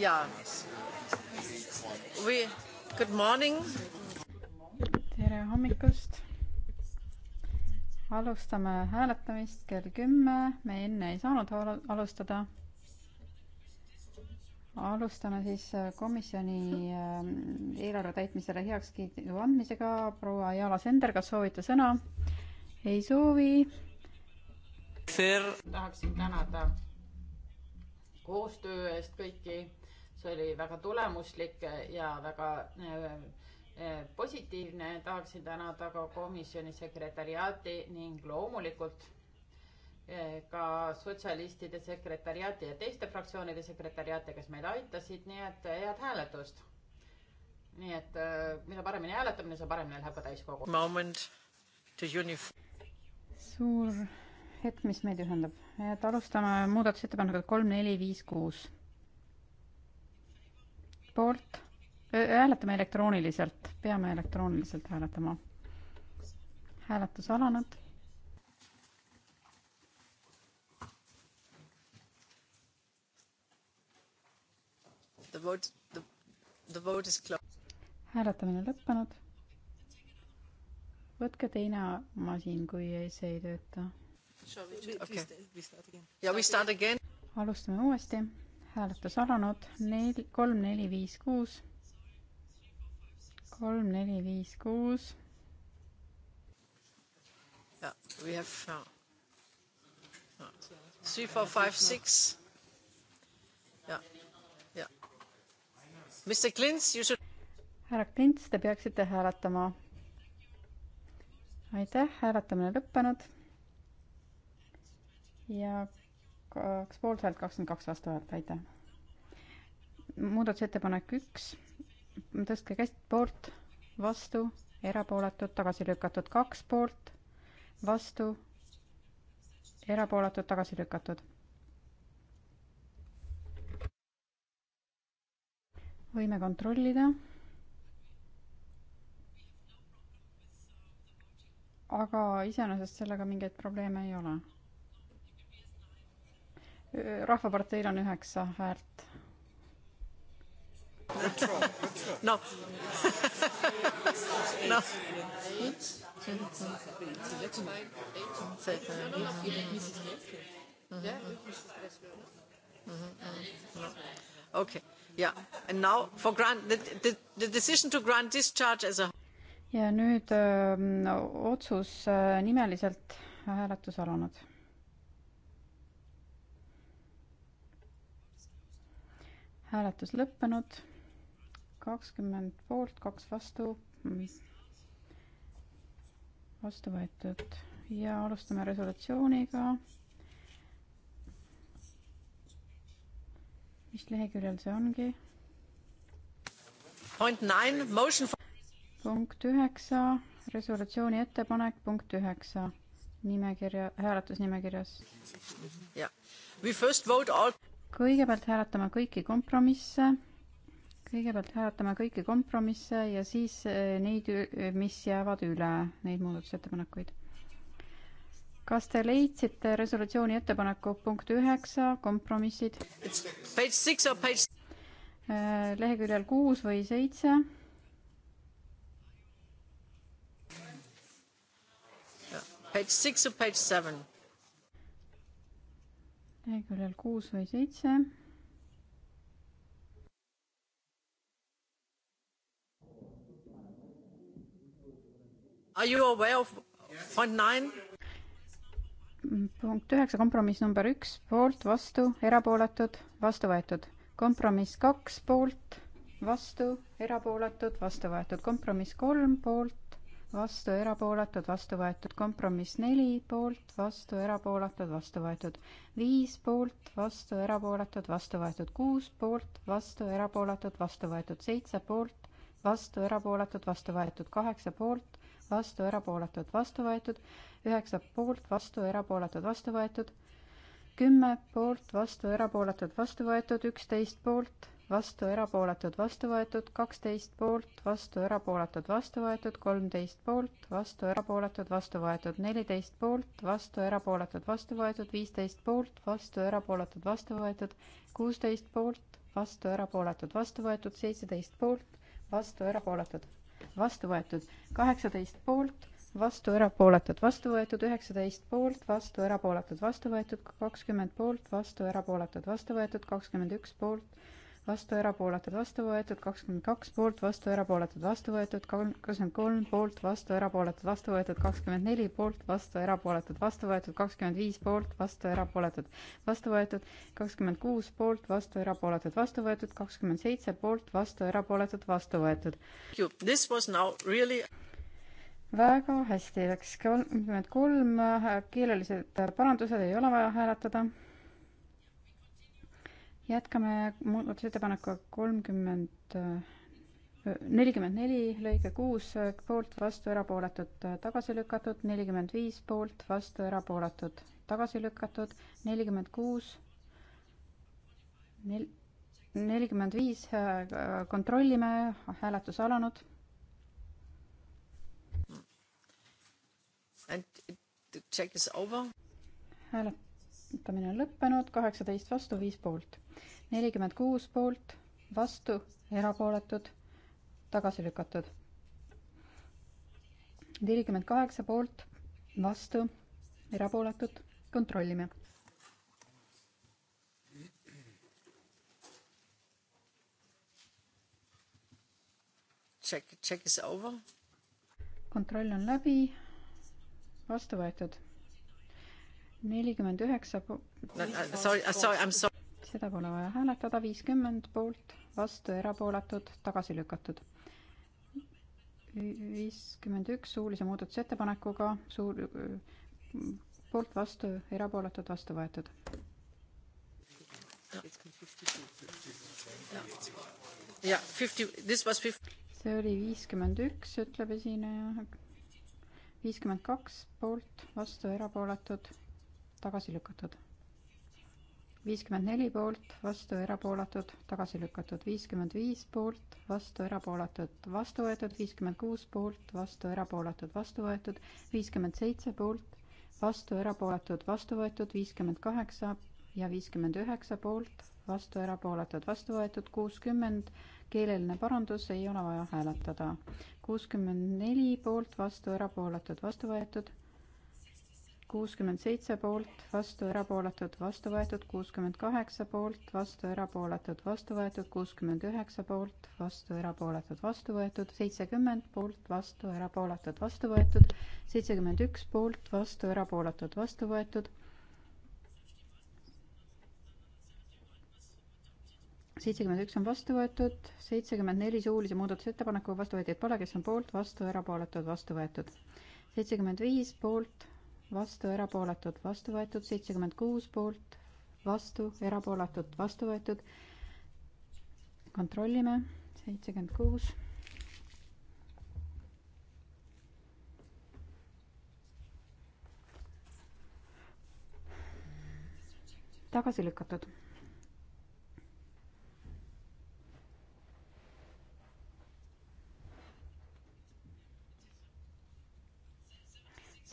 jaa. We, good morning. tere hommikust. alustame hääletamist kell kümme, me enne ei saanud alustada. alustame siis äh, komisjoni ähm, eelarve täitmisele heakskiidu andmisega. proua Jaala Sender, kas soovite sõna? ei soovi. tahaksin tänada koostöö eest kõiki see oli väga tulemuslik ja väga äh, äh, positiivne, tahaksin tänada ka komisjoni sekretäriaati ning loomulikult äh, ka sotsialistide sekretäriaati ja teiste fraktsioonide sekretäriaate, kes meid aitasid, nii et head hääletust. nii et mida paremini hääletame, seda paremini läheb ka täiskogu. suur hetk, mis meid ühendab, et alustame muudatusettepanekut kolm, neli, viis, kuus poolt, hääletame elektrooniliselt, peame elektrooniliselt hääletama. hääletus alanud. The vote, the, the vote is closed. hääletamine lõppenud. võtke teine masin, kui ei, see ei tööta. Okay. Yeah, alustame uuesti hääletus alanud, neli, kolm, neli, viis, kuus. kolm, neli, viis, kuus. We have uh, uh, three, four, five, six. Yeah, yeah. Mr Klints, you should. härra Klints, te peaksite hääletama. aitäh, hääletamine lõppenud. ja kaks poolt häält, kakskümmend kaks vastu häält, aitäh. muudatusettepanek üks, tõstke käest poolt, vastu, erapooletud, tagasi lükatud, kaks poolt, vastu, erapooletud, tagasi lükatud. võime kontrollida. aga iseenesest sellega mingeid probleeme ei ole rahvaparteil on üheksa häält. noh, noh. Mhm. okei, ja now for grant, the, the decision to grant discharge as a ja nüüd öö, ähm, otsus äh, nimeliselt hääletus alanud hääletus lõppenud, kakskümmend poolt, kaks vastu, vastu võetud ja alustame resolutsiooniga. mis leheküljel see ongi? punkt üheksa, resolutsiooni ettepanek, punkt üheksa, nimekirja, hääletusnimekirjas. jah, we first vote all kõigepealt hääletame kõiki kompromisse, kõigepealt hääletame kõiki kompromisse ja siis eh, neid, eh, mis jäävad üle, neid muudatusettepanekuid. kas te leidsite resolutsiooni ettepaneku punkt üheksa, kompromissid? leheküljel kuus või seitse page six or page seven? Eh, leheküljel kuus või seitse. Are you aware of point nine? punkt üheksa, kompromiss number üks, poolt, vastu, erapooletud, vastu võetud. kompromiss kaks, poolt, vastu, erapooletud, vastu võetud. kompromiss kolm, poolt, vastu, erapooletud, vastu võetud. kompromiss neli poolt, vastu, erapooletud, vastu võetud. viis poolt, vastu, erapooletud, vastu võetud. kuus poolt, vastu, erapooletud, vastu võetud. seitse poolt, vastu, erapooletud, vastu võetud. kaheksa poolt, vastu, erapooletud, vastu võetud. üheksa poolt, vastu, erapooletud, vastu võetud. kümme poolt, vastu, erapooletud, vastu võetud. üksteist poolt vastu, erapooletud, vastu võetud, kaksteist poolt, vastu, erapooletud, vastu võetud, kolmteist poolt, vastu, erapooletud, vastu võetud, neliteist poolt, vastu, erapooletud, vastu võetud, viisteist poolt, vastu, erapooletud, vastu võetud, kuusteist poolt, vastu, erapooletud, vastu võetud, seitseteist poolt, vastu, erapooletud, vastu võetud, kaheksateist poolt vastu, erapooletud, vastu võetud üheksateist poolt, vastu, erapooletud, vastu võetud kakskümmend poolt, vastu, erapooletud, vastu võetud kakskümmend üks poolt, vastu, erapooletud, vastu võetud, kakskümmend kaks poolt, vastu, erapooletud, vastu võetud, kakskümmend kolm poolt, vastu, erapooletud, vastu võetud, kakskümmend neli poolt, vastu, erapooletud, vastu võetud, kakskümmend viis poolt, vastu, erapooletud, vastu võetud, kakskümmend kuus poolt, vastu, erapooletud, vastu võetud, kakskümmend seitse poolt, vastu, erapooletud, vastu võetud. This was now really väga hästi läks, kolmkümmend kolm keelelised parandused ei ole vaja hääletada jätkame muudatusettepanekuga kolmkümmend, nelikümmend neli, lõige kuus, poolt, vastu, erapooletud, tagasi lükatud, nelikümmend viis, poolt, vastu, erapooletud, tagasi lükatud, nelikümmend kuus, nel-, nelikümmend viis, äh, kontrollime, hääletus alanud. hääletus hääletamine on lõppenud, kaheksateist vastu, viis poolt. nelikümmend kuus poolt, vastu, erapooletud, tagasi lükatud. nelikümmend kaheksa poolt, vastu, erapooletud, kontrollime check, check is over. kontroll on läbi, vastu võetud nelikümmend üheksa uh, seda pole vaja hääletada, viiskümmend poolt, vastu erapooletud, tagasi lükatud. viiskümmend üks suulise muudatusettepanekuga, suur, äh, poolt, vastu, erapooletud, vastu võetud. see oli viiskümmend üks, ütleb esineja. viiskümmend kaks poolt, vastu, erapooletud tagasi lükatud. viiskümmend neli poolt, vastu, erapooletud, tagasi lükatud. viiskümmend viis poolt, vastu, erapooletud, vastu võetud. viiskümmend kuus poolt, vastu, erapooletud, vastu võetud. viiskümmend seitse poolt, vastu, erapooletud, vastu võetud. viiskümmend kaheksa ja viiskümmend üheksa poolt, vastu, erapooletud, vastu võetud. kuuskümmend keeleline parandus, ei ole vaja hääletada. kuuskümmend neli poolt, vastu, erapooletud, vastu võetud kuuskümmend seitse poolt, vastu erapooletud, vastu võetud kuuskümmend kaheksa poolt, vastu erapooletud, vastu võetud kuuskümmend üheksa poolt, vastu erapooletud, vastu võetud seitsekümmend poolt, vastu erapooletud, vastu võetud seitsekümmend üks poolt, vastu erapooletud, vastu võetud seitsekümmend üks on vastu võetud, seitsekümmend neli suulise muudatusettepanekuga vastu võetud, pole, kes on poolt, vastu, erapooletud, vastu võetud. seitsekümmend viis poolt, vastu, erapooletud, vastu võetud, seitsekümmend kuus poolt, vastu, erapooletud, vastu võetud. kontrollime, seitsekümmend kuus. tagasi lükatud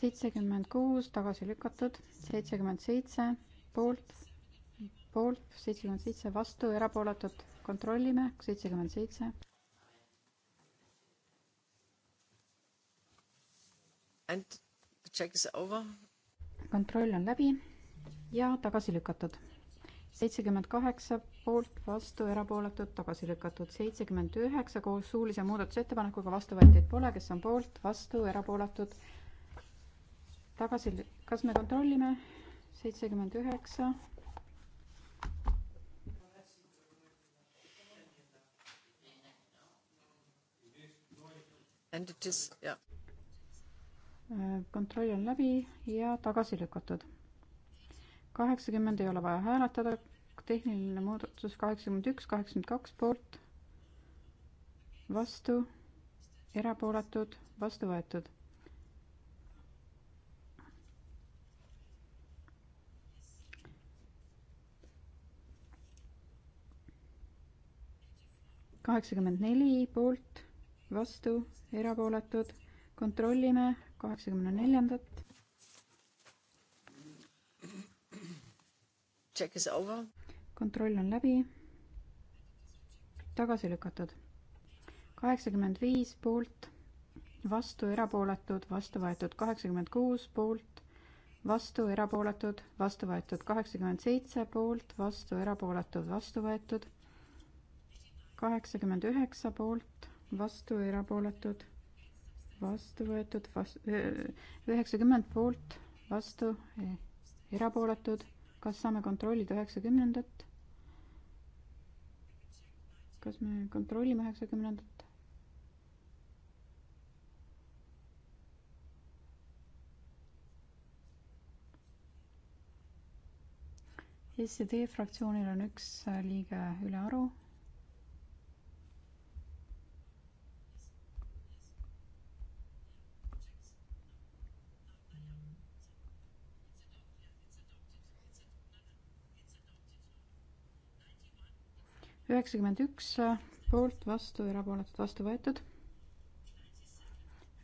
seitsekümmend kuus tagasi lükatud, seitsekümmend seitse poolt, poolt, seitsekümmend seitse vastu, erapooletud, kontrollime, seitsekümmend seitse. And the check is over. kontroll on läbi ja tagasi lükatud seitsekümmend kaheksa poolt, vastu, erapooletud, tagasi lükatud. seitsekümmend üheksa koos suulise muudatusettepanekuga vastu võetud pole, kes on poolt, vastu, erapooletud, tagasi, kas me kontrollime? seitsekümmend üheksa. And it is, yeah. Äh, kontroll on läbi ja tagasi lükatud. kaheksakümmend ei ole vaja hääletada, tehniline muudatus kaheksakümmend üks, kaheksakümmend kaks poolt, vastu, erapooletud, vastu võetud kaheksakümmend neli poolt, vastu, erapooletud. kontrollime kaheksakümne neljandat. Check is over. kontroll on läbi. tagasi lükatud. kaheksakümmend viis poolt, vastu, erapooletud, vastu võetud kaheksakümmend kuus poolt, vastu, erapooletud, vastu võetud kaheksakümmend seitse poolt, vastu, erapooletud, vastu võetud kaheksakümmend üheksa poolt, vastu erapooletud, vastu võetud, üheksakümmend poolt, vastu e, erapooletud. kas saame kontrollida üheksakümnendat? kas me kontrollime üheksakümnendat? SED fraktsioonil on üks liige ülearu üheksakümmend üks äh, poolt, vastu, erapooletud, vastu võetud.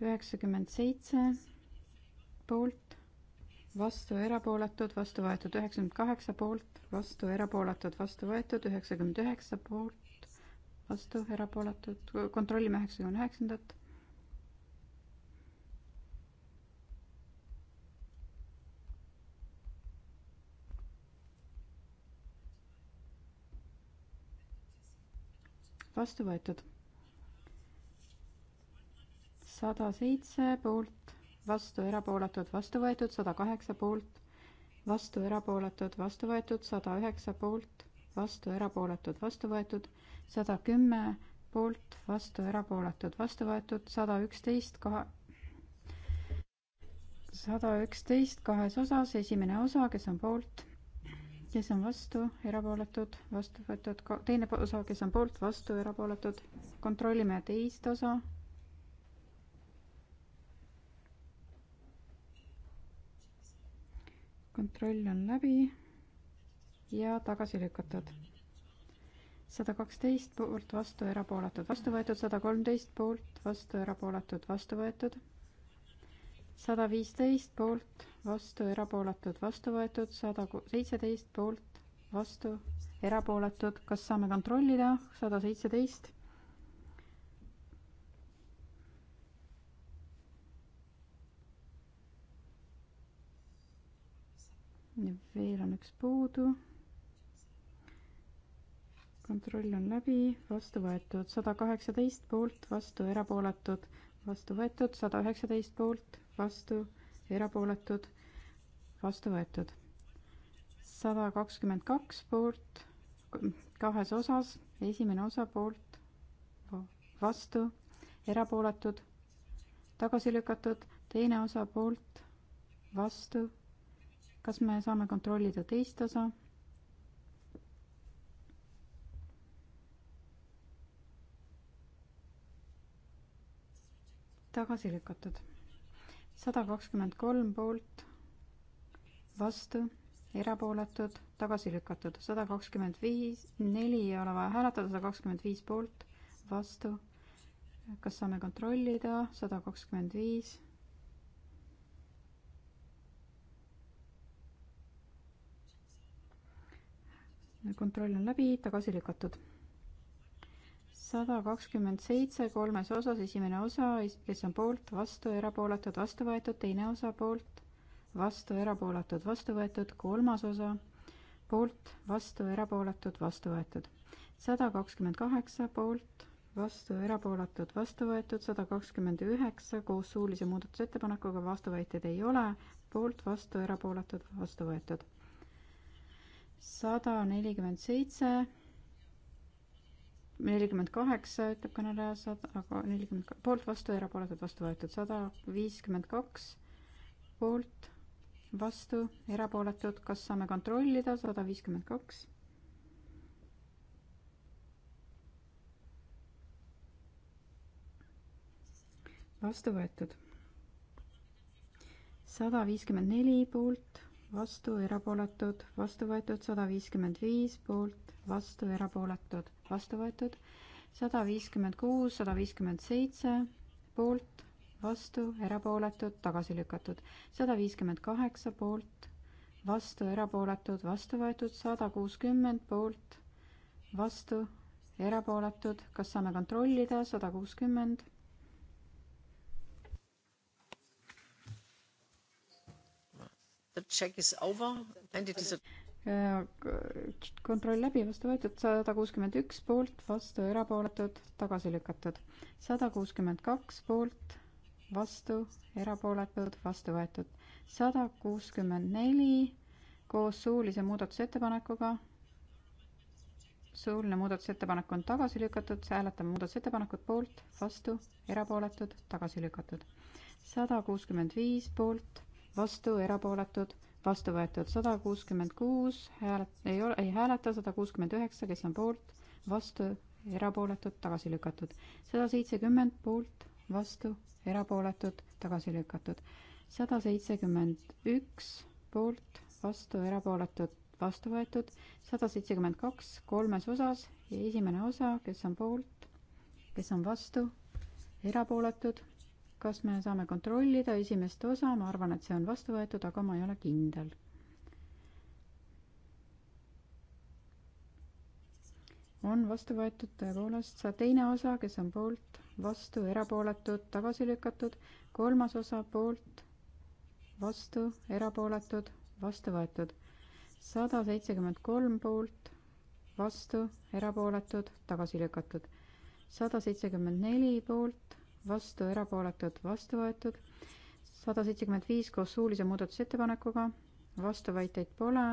üheksakümmend seitse poolt, vastu, erapooletud, vastu võetud. üheksakümmend kaheksa poolt, vastu, erapooletud, vastu võetud. üheksakümmend üheksa poolt, vastu, erapooletud. kontrollime üheksakümne üheksandat. vastu võetud. sada seitse poolt, vastu erapooletud, vastu võetud, sada kaheksa poolt, vastu erapooletud, vastu võetud, sada üheksa poolt, vastu erapooletud, vastu võetud, sada kümme poolt, vastu erapooletud, vastu võetud, sada üksteist kahe, sada üksteist kahes osas, esimene osa, kes on poolt kes on vastu, erapooletud, vastu võetud, teine osa, kes on poolt, vastu, erapooletud, kontrollime teist osa. kontroll on läbi ja tagasi lükatud. sada kaksteist poolt, vastu, erapooletud, vastu võetud, sada kolmteist poolt, vastu, erapooletud, vastu võetud, sada viisteist poolt vastu, erapooletud, vastu võetud, sada seitseteist poolt, vastu, erapooletud, kas saame kontrollida, sada seitseteist? veel on üks puudu. kontroll on läbi, vastu võetud, sada kaheksateist poolt, vastu, erapooletud, vastu võetud, sada üheksateist poolt, vastu erapooletud, vastu võetud. sada kakskümmend kaks poolt kahes osas, esimene osa poolt, vastu, erapooletud, tagasi lükatud, teine osa poolt, vastu. kas me saame kontrollida teist osa? tagasi lükatud sada kakskümmend kolm poolt, vastu, erapooletud, tagasi lükatud, sada kakskümmend viis, neli ei ole vaja hääletada, sada kakskümmend viis poolt, vastu. kas saame kontrollida, sada kakskümmend viis. kontroll on läbi, tagasi lükatud sada kakskümmend seitse kolmes osas, esimene osa, kes on poolt, vastu, erapooletud, vastu võetud, teine osa poolt, vastu, erapooletud, vastu võetud, kolmas osa poolt, vastu, erapooletud, vastu võetud. sada kakskümmend kaheksa poolt, vastu, erapooletud, vastu võetud sada kakskümmend üheksa, koos suulise muudatusettepanekuga vastuväiteid ei ole, poolt, vastu, erapooletud, vastu võetud. sada nelikümmend seitse nelikümmend kaheksa ütleb kõneleja, sada, aga nelikümmend poolt vastu, erapooletud vastu võetud sada viiskümmend kaks poolt vastu, erapooletud, kas saame kontrollida, sada viiskümmend kaks. vastu võetud. sada viiskümmend neli poolt, vastu, erapooletud, vastu võetud, sada viiskümmend viis poolt, vastu, erapooletud vastu võetud, sada viiskümmend kuus, sada viiskümmend seitse poolt, vastu, erapooletud, tagasi lükatud, sada viiskümmend kaheksa poolt, vastu, erapooletud, vastu võetud, sada kuuskümmend poolt, vastu, erapooletud, kas saame kontrollida, sada kuuskümmend The check is over and it is a Äh, kontroll läbi, vastu võetud sada kuuskümmend üks poolt, vastu erapooletud, tagasi lükatud. sada kuuskümmend kaks poolt, vastu erapooletud, vastu võetud. sada kuuskümmend neli koos suulise muudatusettepanekuga. suuline muudatusettepanek on tagasi lükatud, hääletame muudatusettepanekut poolt, vastu, erapooletud, tagasi lükatud. sada kuuskümmend viis poolt, vastu, erapooletud vastu võetud sada kuuskümmend kuus, häälet-, ei ole, ei hääleta, sada kuuskümmend üheksa, kes on poolt, vastu, erapooletud, tagasi lükatud. sada seitsekümmend poolt, vastu, erapooletud, tagasi lükatud. sada seitsekümmend üks poolt, vastu, erapooletud, vastu võetud. sada seitsekümmend kaks kolmes osas ja esimene osa, kes on poolt, kes on vastu, erapooletud, kas me saame kontrollida esimest osa, ma arvan, et see on vastu võetud, aga ma ei ole kindel. on vastu võetud tõepoolest, teine osa, kes on poolt, vastu, erapooletud, tagasi lükatud, kolmas osa poolt, vastu, erapooletud, vastu võetud. sada seitsekümmend kolm poolt, vastu, erapooletud, tagasi lükatud. sada seitsekümmend neli poolt vastu, erapooletud, vastu võetud. sada seitsekümmend viis koos suulise muudatusettepanekuga, vastuväiteid pole.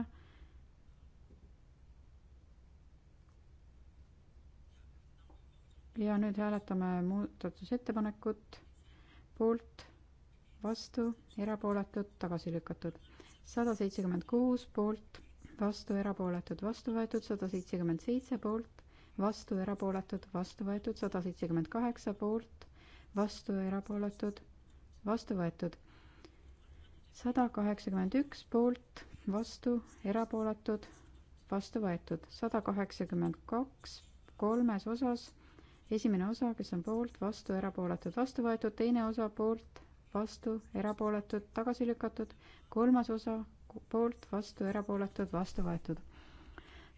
ja nüüd hääletame muudatusettepanekut poolt, vastu, erapooletud, tagasi lükatud. sada seitsekümmend kuus poolt, vastu, erapooletud, vastu võetud, sada seitsekümmend seitse poolt, vastu, erapooletud, vastu võetud, sada seitsekümmend kaheksa poolt, vastu, erapooletud, vastu võetud. sada kaheksakümmend üks poolt, vastu, erapooletud, vastu võetud. sada kaheksakümmend kaks kolmes osas. esimene osa, kes on poolt, vastu, erapooletud, vastu võetud, teine osa poolt, vastu, erapooletud, tagasi lükatud, kolmas osa poolt, vastu, erapooletud, vastu võetud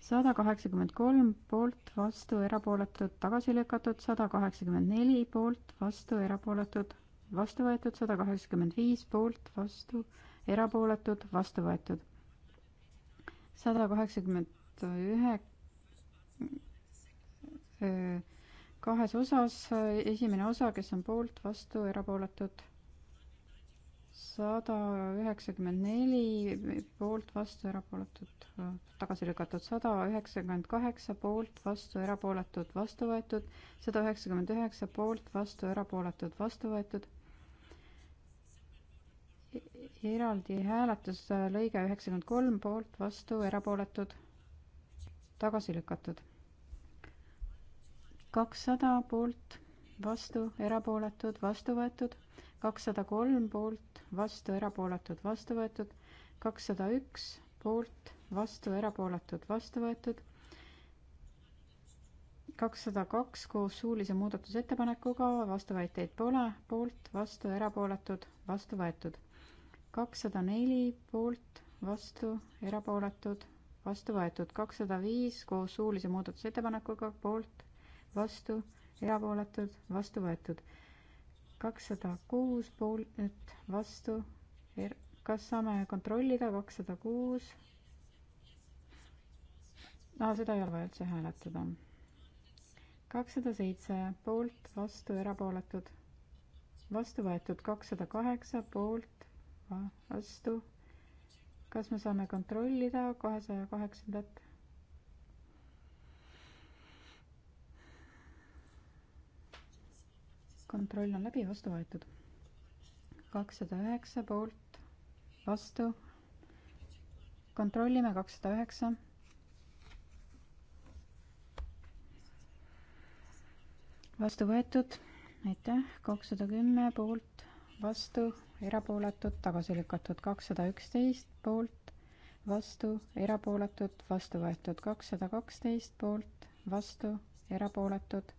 sada kaheksakümmend kolm poolt, vastu, erapooletud, tagasi lükatud, sada kaheksakümmend neli poolt, vastu, erapooletud, vastu võetud, sada kaheksakümmend viis poolt, vastu, erapooletud, vastu võetud. sada kaheksakümmend ühe kahes osas, esimene osa, kes on poolt, vastu, erapooletud sada üheksakümmend neli poolt, vastu, erapooletud, tagasi lükatud, sada üheksakümmend kaheksa poolt, vastu, erapooletud, vastu võetud, sada üheksakümmend üheksa poolt, vastu, erapooletud, vastu võetud. eraldi hääletus, lõige üheksakümmend kolm poolt, vastu, erapooletud, tagasi lükatud. kakssada poolt, vastu, erapooletud, vastu võetud kakssada kolm poolt, vastu, erapooletud, vastu võetud, kakssada üks poolt, vastu, erapooletud, vastu võetud, kakssada kaks koos suulise muudatusettepanekuga, vastuväiteid pole, poolt, vastu, erapooletud, vastu võetud, kakssada neli poolt, vastu, erapooletud, vastu võetud, kakssada viis koos suulise muudatusettepanekuga, poolt, vastu, erapooletud, vastu võetud kakssada kuus poolt vastu er, kas saame kontrollida kakssada kuus aa ah, seda ei ole vaja üldse hääletada kakssada seitse poolt vastu erapooletud vastu võetud kakssada kaheksa poolt vastu kas me saame kontrollida kahesaja kaheksandat kontroll on läbi, vastu võetud. kakssada üheksa poolt, vastu. kontrollime kakssada üheksa. vastu võetud, aitäh, kakssada kümme poolt, vastu, erapooletud, tagasi lükatud, kakssada üksteist poolt, vastu, erapooletud, vastu võetud, kakssada kaksteist poolt, vastu, erapooletud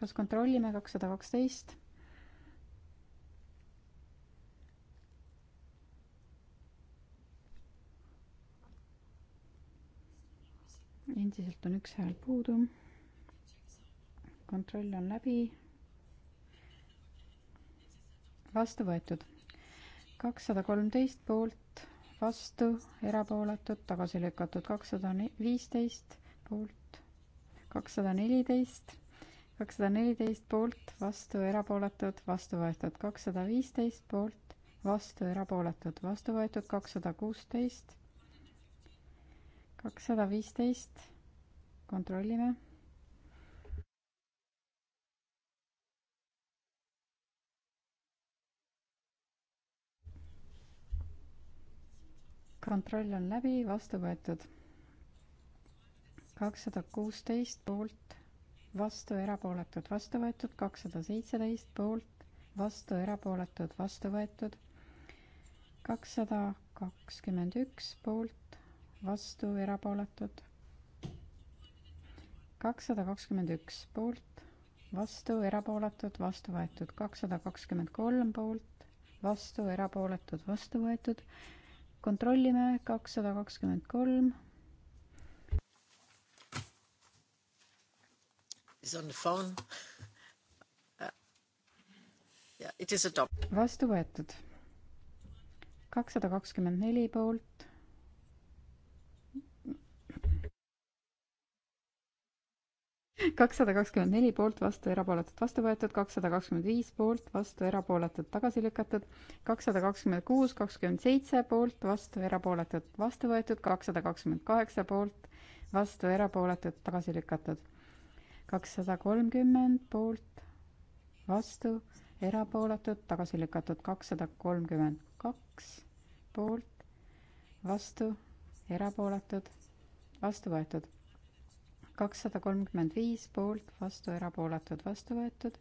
kas kontrollime kakssada kaksteist? endiselt on üks hääl puudu. kontroll on läbi. vastu võetud. kakssada kolmteist poolt, vastu, erapooletud, tagasi lükatud, kakssada viisteist poolt, kakssada neliteist kakssada neliteist poolt, vastu, erapooletud, vastu võetud kakssada viisteist poolt, vastu, erapooletud, vastu võetud kakssada kuusteist, kakssada viisteist, kontrollime. kontroll on läbi, vastu võetud kakssada kuusteist poolt vastu, erapooletud, vastu võetud, kakssada seitseteist poolt, vastu, erapooletud, vastu võetud, kakssada kakskümmend üks poolt, vastu, erapooletud, kakssada kakskümmend üks poolt, vastu, erapooletud, vastu võetud, kakssada kakskümmend kolm poolt, vastu, erapooletud, vastu võetud, kontrollime, kakssada kakskümmend kolm He's on the phone. Uh, yeah, it is adopted. vastu võetud. kakssada kakskümmend neli poolt. kakssada kakskümmend neli poolt, vastu erapooletud, vastu võetud, kakssada kakskümmend viis poolt, vastu erapooletud, tagasi lükatud, kakssada kakskümmend kuus, kakskümmend seitse poolt, vastu erapooletud, vastu võetud, kakssada kakskümmend kaheksa poolt, vastu erapooletud, tagasi lükatud kakssada kolmkümmend poolt, vastu, erapooletud, tagasi lükatud kakssada kolmkümmend kaks poolt, vastu, erapooletud, vastu võetud. kakssada kolmkümmend viis poolt, vastu, erapooletud, vastu võetud,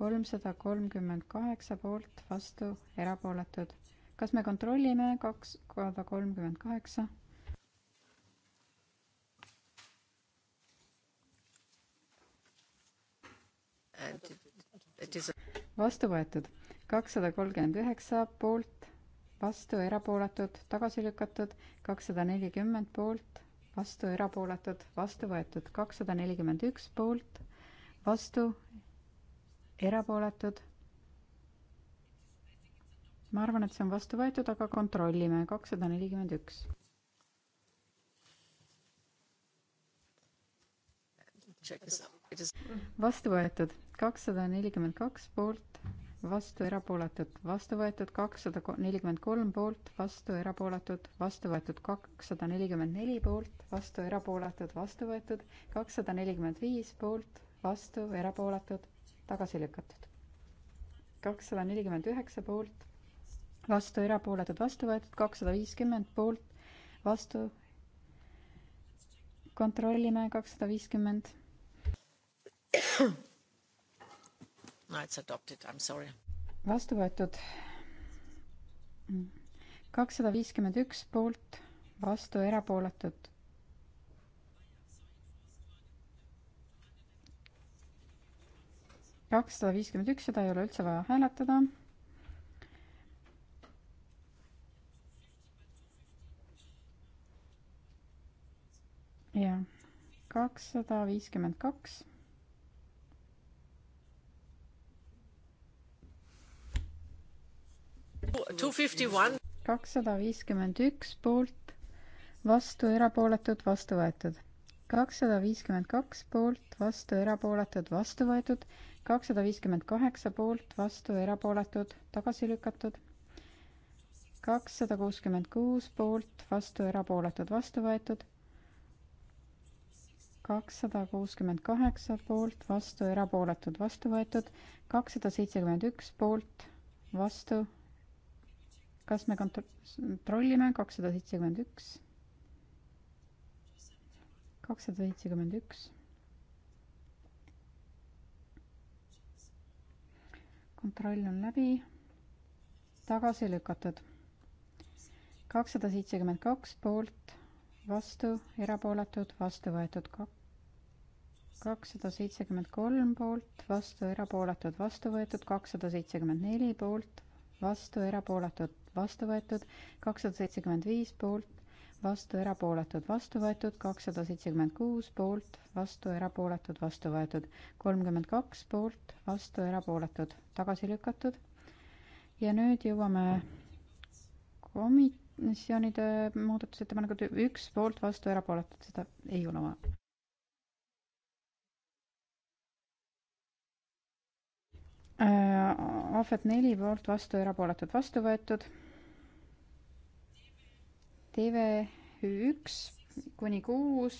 kolmsada kolmkümmend kaheksa poolt, vastu, erapooletud. kas me kontrollime kakssada kolmkümmend kaheksa? vastu võetud kakssada kolmkümmend üheksa poolt, vastu erapooletud, tagasi lükatud, kakssada nelikümmend poolt, vastu erapooletud, vastu võetud, kakssada nelikümmend üks poolt, vastu erapooletud. ma arvan, et see on vastu võetud, aga kontrollime, kakssada nelikümmend üks. Check this out vastu võetud kakssada nelikümmend kaks poolt, vastu erapooletud, vastu võetud kakssada nelikümmend kolm poolt, vastu erapooletud, vastu võetud kakssada nelikümmend neli poolt, vastu erapooletud, vastu võetud kakssada nelikümmend viis poolt, vastu erapooletud, tagasi lükatud. kakssada nelikümmend üheksa poolt, vastu erapooletud, vastu võetud kakssada viiskümmend poolt, vastu kontrollime kakssada viiskümmend no it's adopted, I am sorry. vastu võetud. kakssada viiskümmend üks poolt, vastu erapooletud. kakssada viiskümmend üks, seda ei ole üldse vaja hääletada. jah, kakssada viiskümmend kaks kakssada viiskümmend üks poolt, vastu erapooletud, vastu võetud. kakssada viiskümmend kaks poolt, vastu erapooletud, vastu võetud. kakssada viiskümmend kaheksa poolt, vastu erapooletud, tagasi lükatud. kakssada kuuskümmend kuus poolt, vastu erapooletud, vastu võetud kakssada kuuskümmend kaheksa poolt, vastu, erapooletud, vastu võetud, kakssada seitsekümmend üks poolt, vastu, kas me kontrollime kakssada seitsekümmend üks? kakssada seitsekümmend üks. kontroll on läbi, tagasi lükatud. kakssada seitsekümmend kaks poolt, vastu, erapooletud, vastu võetud kaks kakssada seitsekümmend kolm poolt, vastu erapooletud, vastu võetud kakssada seitsekümmend neli poolt, vastu erapooletud, vastu võetud, kakssada seitsekümmend viis poolt, vastu erapooletud, vastu võetud, kakssada seitsekümmend kuus poolt, vastu erapooletud, vastu võetud, kolmkümmend kaks poolt, vastu erapooletud, tagasi lükatud. ja nüüd jõuame komisjonide muudatusettepanekud, üks poolt, vastu erapooletud, seda ei ole vaja. Äh, Ahvet neli poolt, vastu erapooletud, vastu võetud TV üks kuni kuus,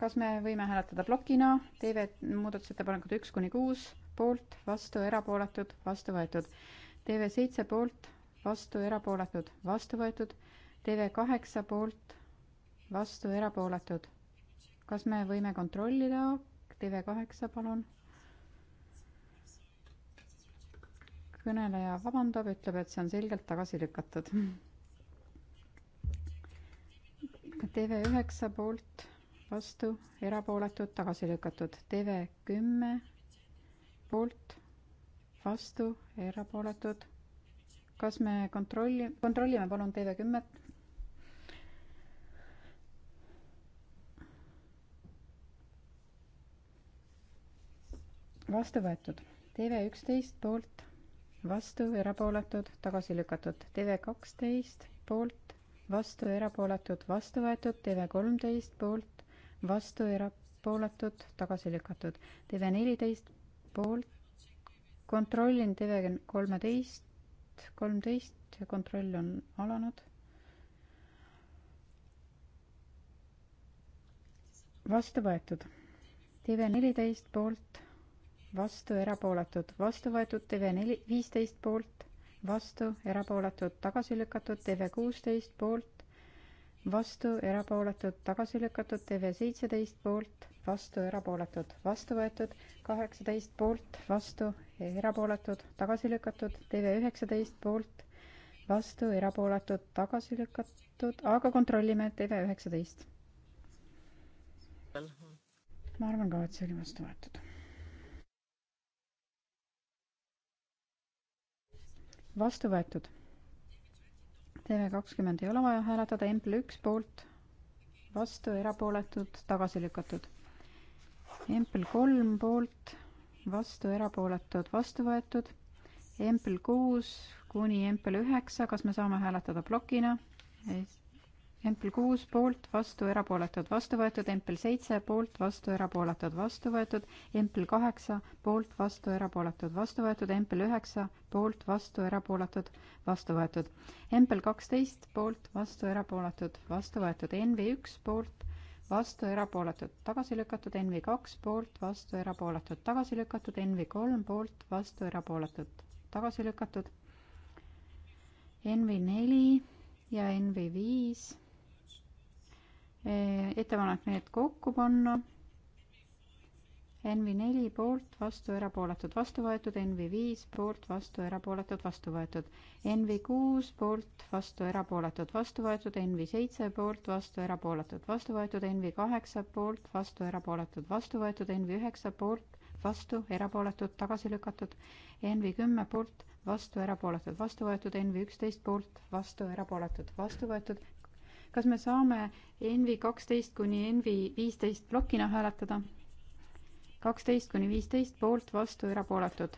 kas me võime hääletada plokina, TV muudatusettepanekud üks kuni kuus, poolt, vastu, erapooletud, vastu võetud. TV seitse poolt, vastu, erapooletud, vastu võetud. TV kaheksa poolt, vastu, erapooletud. kas me võime kontrollida? TV kaheksa, palun kõneleja vabandab, ütleb, et see on selgelt tagasi lükatud TV9 poolt, vastu, erapooletud, tagasi lükatud. TV10 poolt, vastu, erapooletud. kas me kontrolli, kontrollime palun TV10-t? vastu võetud. TV11 poolt, vastu, erapooletud, tagasi lükatud. TV12 poolt, vastu erapooletud, vastu võetud, TV13 poolt, vastu erapooletud, tagasi lükatud, TV14 poolt, kontrollin TV13, kolmteist, kontroll on alanud. vastu võetud, TV14 poolt, vastu erapooletud, vastu võetud, TV4, viisteist poolt, vastu, erapooletud, tagasi lükatud, TV kuusteist poolt, vastu, erapooletud, tagasi lükatud, TV seitseteist poolt, vastu, erapooletud, vastu võetud, kaheksateist poolt, vastu, erapooletud, tagasi lükatud, TV üheksateist poolt, vastu, erapooletud, tagasi lükatud, aga kontrollime TV üheksateist. Hmm. ma arvan ka, et see oli vastu võetud vastu võetud. TV kakskümmend ei ole vaja hääletada, Empl üks poolt, vastu, erapooletud, tagasi lükatud. Empl kolm poolt, vastu, erapooletud, vastu võetud. Empl kuus kuni Empl üheksa, kas me saame hääletada plokina? Empel kuus poolt, vastu, erapooletud, vastu võetud, Empel seitse poolt, vastu, erapooletud, vastu võetud, Empel kaheksa poolt, vastu, erapooletud, vastu võetud, Empel üheksa poolt, vastu, erapooletud, vastu võetud, Empel kaksteist poolt, vastu, erapooletud, vastu võetud, NV üks poolt, vastu, erapooletud, tagasi lükatud, NV kaks poolt, vastu, erapooletud, tagasi lükatud, NV kolm poolt, vastu, erapooletud, tagasi lükatud, NV neli ja NV viis Eh, ettepanek need kokku panna. NV4 poolt, vastu, erapooletud, vastu võetud, NV5 poolt, vastu, erapooletud, vastu võetud, NV6 poolt, vastu, erapooletud, vastu võetud, NV7 poolt, vastu, erapooletud, vastu võetud, NV8 poolt, vastu, erapooletud, vastu võetud, NV9 poolt, vastu, erapooletud, tagasi lükatud, NV10 poolt, vastu, erapooletud, vastu võetud, NV üksteist poolt, vastu, erapooletud, vastu võetud, kas me saame NV kaksteist kuni NV viisteist plokina hääletada? kaksteist kuni viisteist poolt, vastu, erapooletud.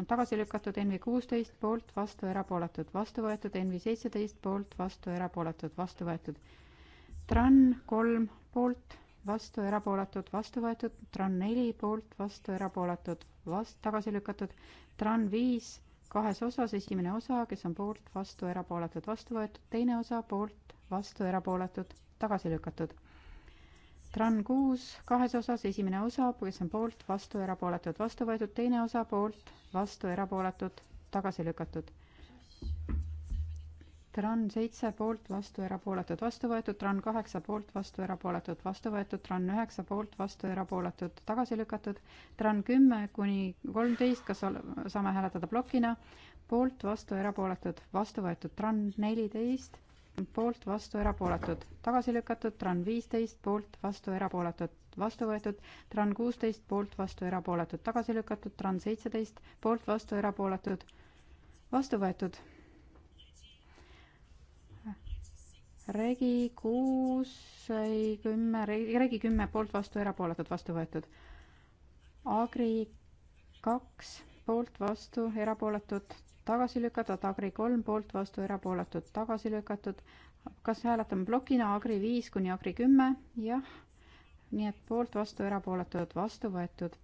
on tagasi lükatud NV kuusteist poolt, vastu, erapooletud, vastu võetud NV seitseteist poolt, vastu, erapooletud, vastu võetud. TRAN kolm poolt, vastu, erapooletud, vastu võetud, TRAN neli poolt, vastu, erapooletud, vast-, tagasi lükatud, TRAN viis kahes osas, esimene osa, kes on poolt, vastu, erapooletud, vastu võetud, teine osa poolt, vastu, erapooletud, tagasi lükatud. Tran kuus kahes osas, esimene osa, kes on poolt, vastu, erapooletud, vastu võetud, teine osa poolt, vastu, erapooletud, tagasi lükatud. Tran seitse poolt, vastu, erapooletud, vastu võetud, Tran kaheksa poolt, vastu, erapooletud, vastu võetud, Tran üheksa poolt, vastu, erapooletud, tagasi lükatud, Tran kümme kuni kolmteist, kas saame hääletada plokina, poolt, vastu, erapooletud, vastu võetud, Tran neliteist poolt, vastu, erapooletud, tagasi lükatud, tran viisteist, poolt, vastu, erapooletud, vastu võetud, tran kuusteist, poolt, vastu, erapooletud, tagasi lükatud, tran seitseteist, poolt, vastu, erapooletud, vastu võetud. regi kuus, ei kümme, regi kümme, poolt, vastu, erapooletud, vastu võetud. Agri kaks, poolt, vastu, erapooletud, tagasi lükatud, Agri kolm poolt, vastu erapooletud, tagasi lükatud. kas hääletame plokina Agri viis kuni Agri kümme? jah. nii et poolt, vastu, erapooletud, vastu võetud.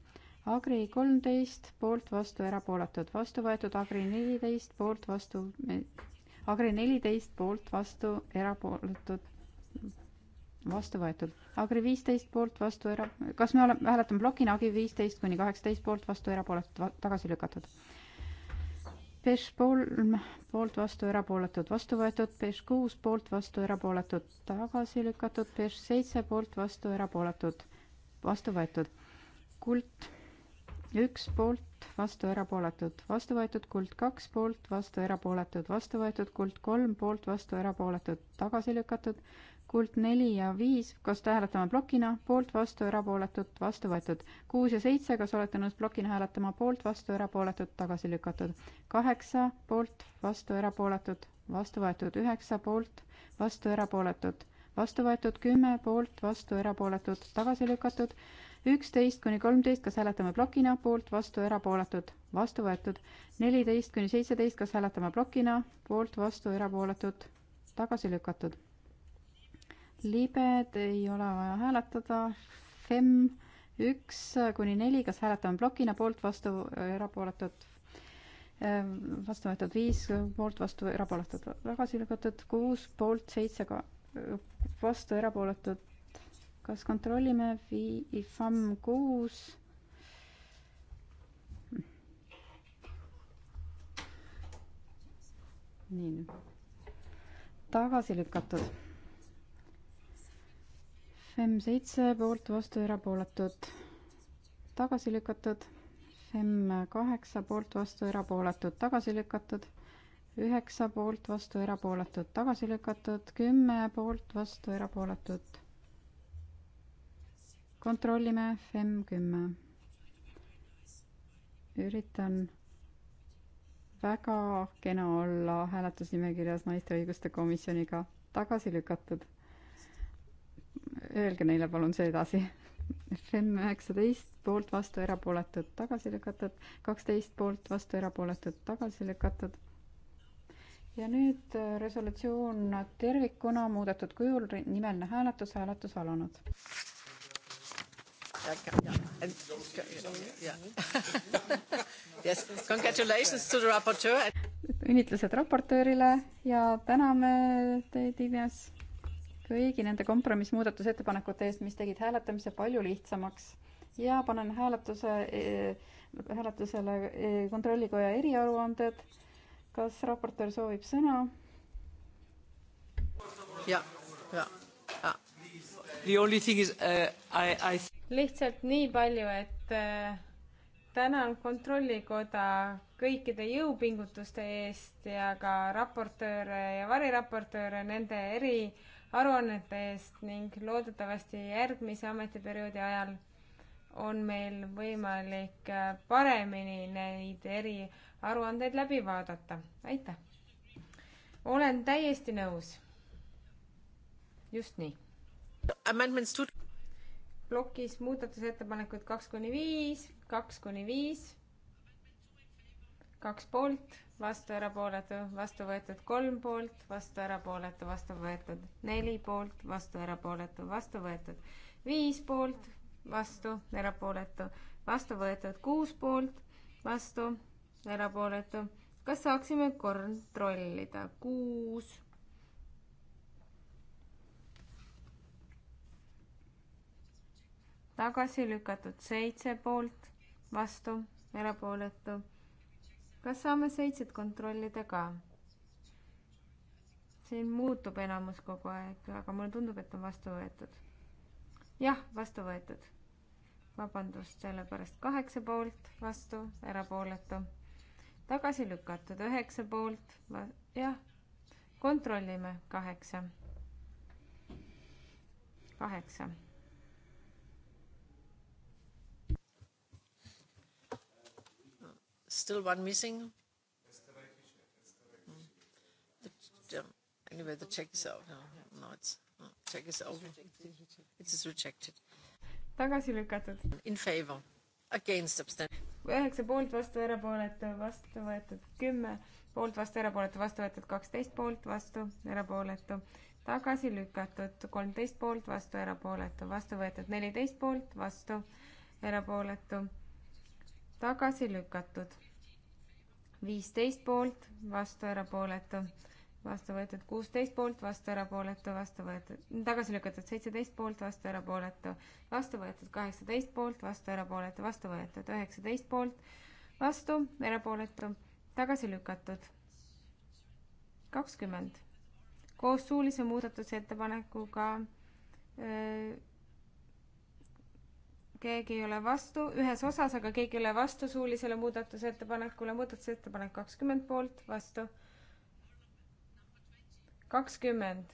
Agri kolmteist, poolt, vastu, erapooletud, vastu võetud, Agri neliteist, poolt, vastu, Agri neliteist, poolt, vastu, erapooletud, vastu võetud. Agri viisteist poolt vastu era-, kas me oleme, hääletame plokina Agri viisteist kuni kaheksateist poolt vastu erapooletud va-, tagasi lükatud. Peš kolm poolt vastu erapooletud, vastu võetud, Peš kuus poolt vastu erapooletud, tagasi lükatud, Peš seitse poolt vastu erapooletud, vastu võetud. kuld üks poolt vastu erapooletud, vastu võetud, kuld kaks poolt vastu erapooletud, vastu võetud, kuld kolm poolt vastu erapooletud, tagasi lükatud, kuld neli ja viis, kas te hääletame plokina, poolt, vastu, erapooletud, vastu võetud. kuus ja seitse, kas olete nõus plokina hääletama, poolt, vastu, erapooletud, tagasi lükatud. kaheksa, poolt, vastu, erapooletud, vastu võetud. üheksa, poolt, vastu, erapooletud, vastu võetud. kümme, poolt, vastu, erapooletud, tagasi lükatud. üksteist kuni kolmteist, kas hääletame plokina, poolt, vastu, erapooletud, vastu võetud. neliteist kuni seitseteist, kas hääletame plokina, poolt, vastu, erapooletud, tagasi lükatud libed ei ole vaja hääletada, FEM üks kuni neli, kas hääletame plokina poolt, vastu, erapooletud, ehm, vastu võetud viis, poolt, vastu, erapooletud, tagasi lükatud kuus, poolt seitse, vastu, erapooletud. kas kontrollime, FAM kuus nii. tagasi lükatud FEM seitse poolt, vastu, erapooletud, tagasi lükatud. FEM kaheksa poolt, vastu, erapooletud, tagasi lükatud. üheksa poolt, vastu, erapooletud, tagasi lükatud. kümme poolt, vastu, erapooletud. kontrollime FEM kümme. üritan väga kena olla hääletusnimekirjas naiste õiguste komisjoniga tagasi lükatud öelge neile palun see edasi. FEM üheksateist poolt, vastu, erapooletud, tagasi lükatud, kaksteist poolt, vastu, erapooletud, tagasi lükatud. ja nüüd äh, resolutsioon tervikuna muudetud kujul, nimeline hääletus, hääletus alanud. õnnitlused raportöörile ja täname teid, Ines kõigi nende kompromissmuudatusettepanekute eest, mis tegid hääletamise palju lihtsamaks ja panen hääletuse, eh, hääletusele eh, kontrollikoja eriaruanded. kas raportöör soovib sõna? ja, ja, ja. The only thing is uh, I, I. lihtsalt nii palju, et uh, tänan Kontrollikoda kõikide jõupingutuste eest ja ka raportööre ja variraportööre nende eri aruannete eest ning loodetavasti järgmise ametiperioodi ajal on meil võimalik äh, paremini neid eriaruandeid läbi vaadata. aitäh! olen täiesti nõus. just nii. plokis muudatusettepanekud kaks kuni viis, kaks kuni viis, kaks poolt vastu erapooletu, vastu võetud kolm poolt, vastu erapooletu, vastu võetud neli poolt, vastu erapooletu, vastu võetud viis poolt, vastu erapooletu, vastu võetud kuus poolt, vastu erapooletu. kas saaksime kontrollida? kuus. tagasi lükatud seitse poolt, vastu erapooletu kas saame seitset kontrollida ka? siin muutub enamus kogu aeg, aga mulle tundub, et on vastu võetud. jah, vastu võetud. vabandust, sellepärast kaheksa poolt, vastu, erapooletu. tagasi lükatud, üheksa poolt, jah, kontrollime, kaheksa. kaheksa Still one missing? Hmm. Um, anyway, the check is out. No, no it's no, check is over. It is rejected. tagasi lükatud. In favor, against abstain-. üheksa poolt, vastu, erapooletu, vastu võetud kümme, poolt, vastu, erapooletu, vastu võetud kaksteist poolt, vastu, erapooletu, tagasi lükatud kolmteist poolt, vastu, erapooletu, vastu võetud neliteist poolt, vastu, erapooletu, tagasi lükatud viisteist poolt, vastu, erapooletu, vastu võetud kuusteist poolt, vastu, erapooletu, vastu võetud, tagasi lükatud seitseteist poolt, vastu, erapooletu, vastu võetud kaheksateist poolt, vastu, erapooletu, vastu võetud üheksateist poolt, vastu, erapooletu, tagasi lükatud kakskümmend koos suulise muudatusettepanekuga öö, keegi ei ole vastu, ühes osas, aga keegi ei ole vastu suulisele muudatusettepanekule, muudatusettepanek kakskümmend poolt, vastu. kakskümmend,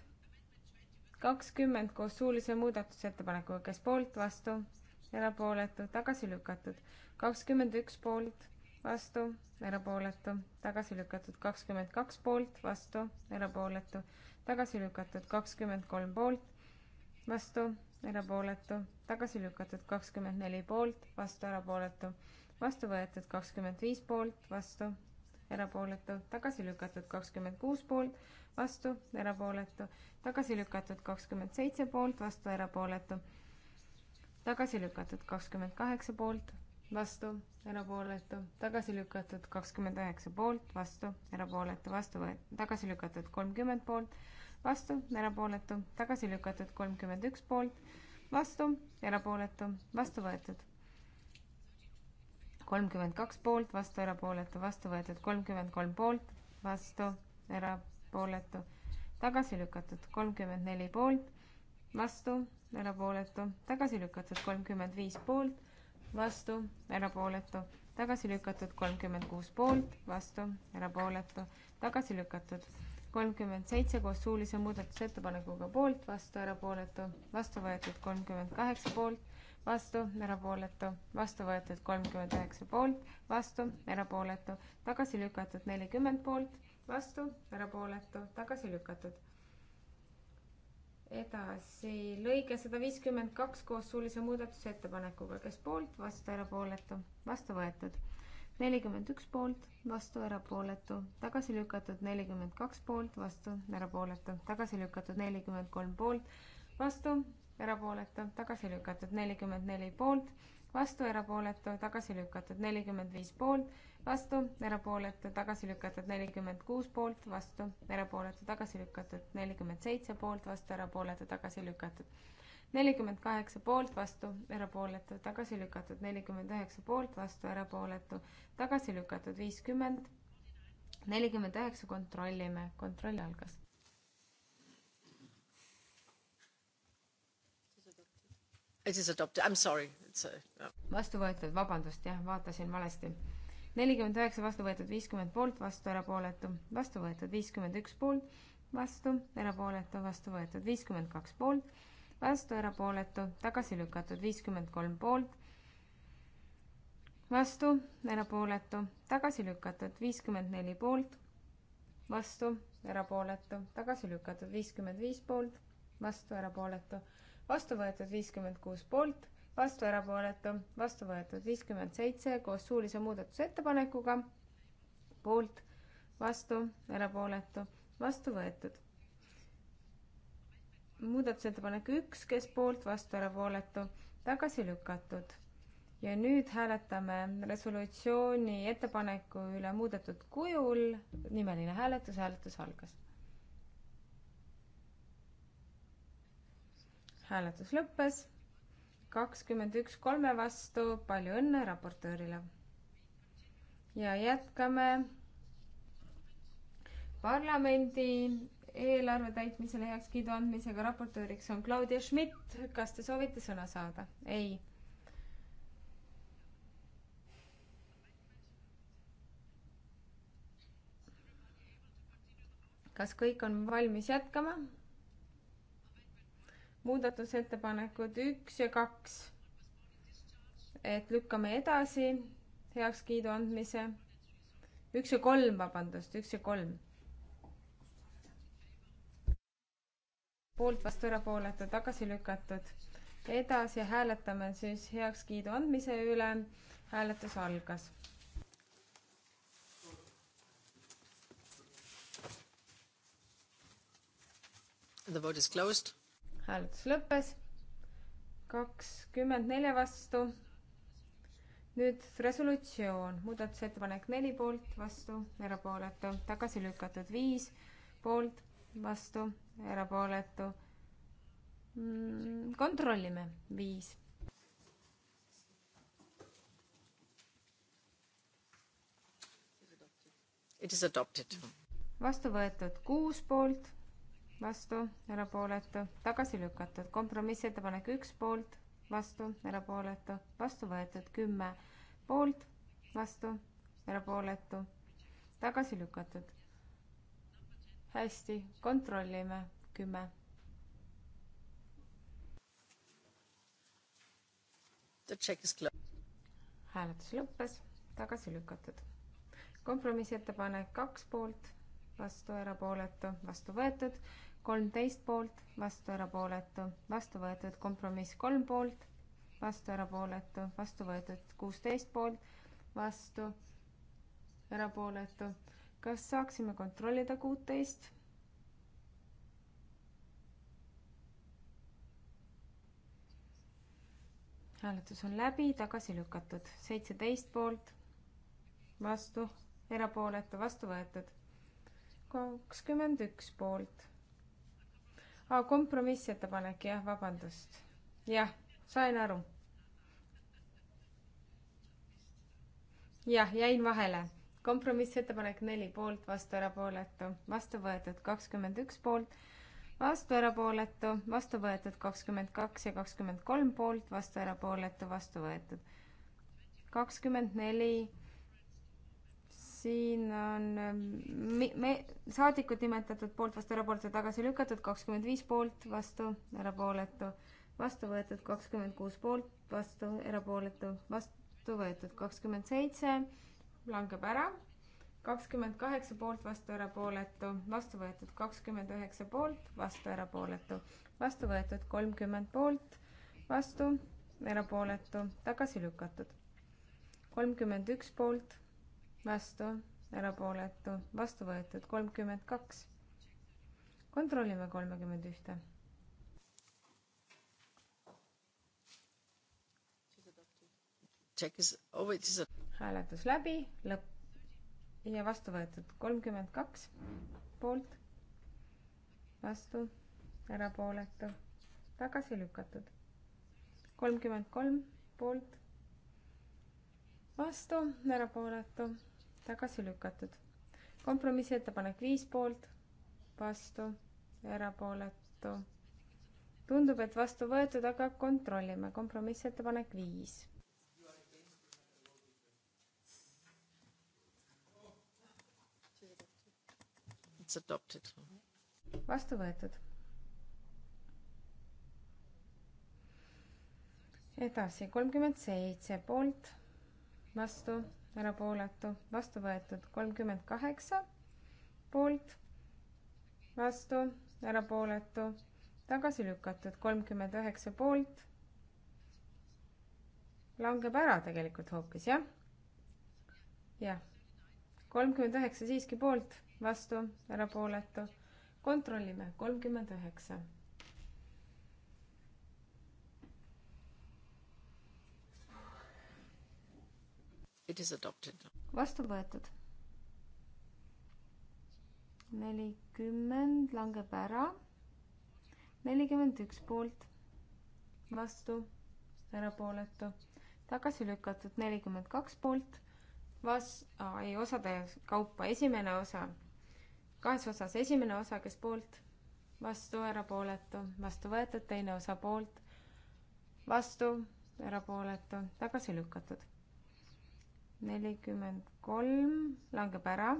kakskümmend koos suulise muudatusettepanekuga, kes poolt, vastu, erapooletu, tagasi lükatud, kakskümmend üks poolt, vastu, erapooletu, tagasi lükatud, kakskümmend kaks poolt, vastu, erapooletu, tagasi lükatud, kakskümmend kolm poolt, vastu, erapooletu, tagasi lükatud kakskümmend neli poolt, vastu, erapooletu, vastu võetud kakskümmend viis poolt, vastu, erapooletu, tagasi lükatud kakskümmend kuus poolt, vastu, erapooletu, tagasi lükatud kakskümmend seitse poolt, vastu, erapooletu, tagasi lükatud kakskümmend kaheksa poolt, vastu, erapooletu, tagasi lükatud kakskümmend üheksa poolt, vastu, erapooletu, vastu võetud, tagasi lükatud kolmkümmend poolt, vastu, erapooletu, tagasi lükatud, kolmkümmend üks poolt, vastu, erapooletu, vastu võetud. kolmkümmend kaks poolt, vastu, erapooletu, vastu võetud, kolmkümmend kolm poolt, vastu, erapooletu, tagasi lükatud, kolmkümmend neli poolt, vastu, erapooletu, tagasi lükatud, kolmkümmend viis poolt, vastu, erapooletu tagasi lükatud kolmkümmend kuus poolt, vastu, erapooletu, tagasi lükatud kolmkümmend seitse koos suulise muudatusettepanekuga poolt, vastu, erapooletu, vastu võetud kolmkümmend kaheksa poolt, vastu, erapooletu, vastu võetud kolmkümmend üheksa poolt, vastu, erapooletu, tagasi lükatud nelikümmend poolt, vastu, erapooletu, tagasi lükatud. edasi, lõige sada viiskümmend kaks koos suulise muudatusettepanekuga, kes poolt, vastu, erapooletu, vastu võetud nelikümmend üks poolt, vastu, erapooletu, tagasi lükatud nelikümmend kaks poolt, vastu, erapooletu, tagasi lükatud nelikümmend kolm poolt, vastu, erapooletu, tagasi lükatud nelikümmend neli poolt, vastu, erapooletu, tagasi lükatud nelikümmend viis poolt, vastu, erapooletu, tagasi lükatud nelikümmend kuus poolt, vastu, erapooletu, tagasi lükatud nelikümmend seitse poolt, vastu, erapooletu, tagasi lükatud nelikümmend kaheksa poolt, vastu, erapooletu, tagasi lükatud, nelikümmend üheksa poolt, vastu, erapooletu, tagasi lükatud, viiskümmend, nelikümmend üheksa, kontrollime, kontroll algas. It is adopted, I am sorry, it's a no.. vastu võetud, vabandust, jah, vaatasin valesti. nelikümmend üheksa vastu võetud, viiskümmend poolt, vastu, erapooletu, vastu võetud, viiskümmend üks poolt, vastu, erapooletu, vastu võetud, viiskümmend kaks poolt vastu, erapooletu, tagasi lükatud, viiskümmend kolm poolt, vastu, erapooletu, tagasi lükatud, viiskümmend neli poolt, vastu, erapooletu, tagasi lükatud, viiskümmend viis poolt, vastu, erapooletu, vastu võetud viiskümmend kuus poolt, vastu, erapooletu, vastu võetud viiskümmend seitse koos suulise muudatusettepanekuga, poolt, vastu, erapooletu, vastu võetud muudatusettepanek üks, kes poolt, vastu, erapooletu, tagasi lükatud. ja nüüd hääletame resolutsiooni ettepaneku üle muudetud kujul. nimeline hääletus, hääletus algas. hääletus lõppes. kakskümmend üks kolme vastu, palju õnne raportöörile. ja jätkame parlamendi eelarve täitmisele heakskiidu andmisega raportööriks on Claudia Schmidt. kas te soovite sõna saada? ei. kas kõik on valmis jätkama? muudatusettepanekud üks ja kaks. et lükkame edasi heakskiidu andmise. üks ja kolm, vabandust, üks ja kolm poolt, vastu, erapooletu, tagasi lükatud. edasi hääletame siis heakskiidu andmise üle. hääletus algas. The vote is closed. hääletus lõppes. kakskümmend nelja vastu. nüüd resolutsioon, muudatusettepanek neli poolt, vastu, erapooletu, tagasi lükatud viis poolt vastu, erapooletu. Mm, kontrollime, viis. It is adopted. vastu võetud kuus poolt, vastu, erapooletu, tagasi lükatud, kompromissettepanek üks poolt, vastu, erapooletu, vastu võetud kümme poolt, vastu, erapooletu, tagasi lükatud hästi, kontrollime kümme. hääletus lõppes, tagasi lükatud. kompromissettepanek kaks poolt, vastu erapooletu, vastu võetud, kolmteist poolt, vastu erapooletu, vastu võetud, kompromiss kolm poolt, vastu erapooletu, vastu võetud, kuusteist poolt, vastu erapooletu kas saaksime kontrollida kuuteist? hääletus on läbi, tagasi lükatud, seitseteist poolt, vastu, erapooletu, vastu võetud, kakskümmend üks poolt. kompromissettepanek, jah, vabandust. jah, sain aru. jah, jäin vahele kompromissettepanek neli poolt, vastu, erapooletu, vastu võetud kakskümmend üks poolt, vastu, erapooletu, vastu võetud kakskümmend kaks ja kakskümmend kolm poolt, vastu, erapooletu, vastu võetud kakskümmend neli siin on me, me, saadikud nimetatud poolt vastu erapooletu tagasi lükatud, kakskümmend viis poolt vastu erapooletu, vastu võetud kakskümmend kuus poolt vastu erapooletu, vastu võetud kakskümmend seitse langeb ära. kakskümmend kaheksa poolt, vastu, erapooletu, vastu võetud kakskümmend üheksa poolt, vastu, erapooletu, vastu võetud kolmkümmend poolt, vastu, erapooletu, tagasi lükatud. kolmkümmend üks poolt, vastu, erapooletu, vastu võetud kolmkümmend kaks. kontrollime kolmekümmend ühte check is oh it is a hääletus läbi, lõpp ja vastu võetud kolmkümmend kaks poolt, vastu, erapooletu, tagasi lükatud. kolmkümmend kolm poolt, vastu, erapooletu, tagasi lükatud. kompromissettepanek viis poolt, vastu, erapooletu. tundub, et vastu võetud, aga kontrollime. kompromissettepanek viis It's adopted. vastu võetud. edasi kolmkümmend seitse poolt, vastu, erapooletu, vastu võetud kolmkümmend kaheksa poolt, vastu, erapooletu, tagasi lükatud kolmkümmend üheksa poolt. langeb ära tegelikult hoopis jah? jah, kolmkümmend üheksa siiski poolt vastu, erapooletu. kontrollime, kolmkümmend üheksa. vastu võetud. nelikümmend langeb ära. nelikümmend üks poolt, vastu, erapooletu, tagasi lükatud, nelikümmend kaks poolt, vas-, ei, osade kaupa, esimene osa kahes osas, esimene osa, kes poolt, vastu, erapooletu, vastu võetud, teine osa poolt, vastu, erapooletu, tagasi lükatud. nelikümmend kolm langeb ära.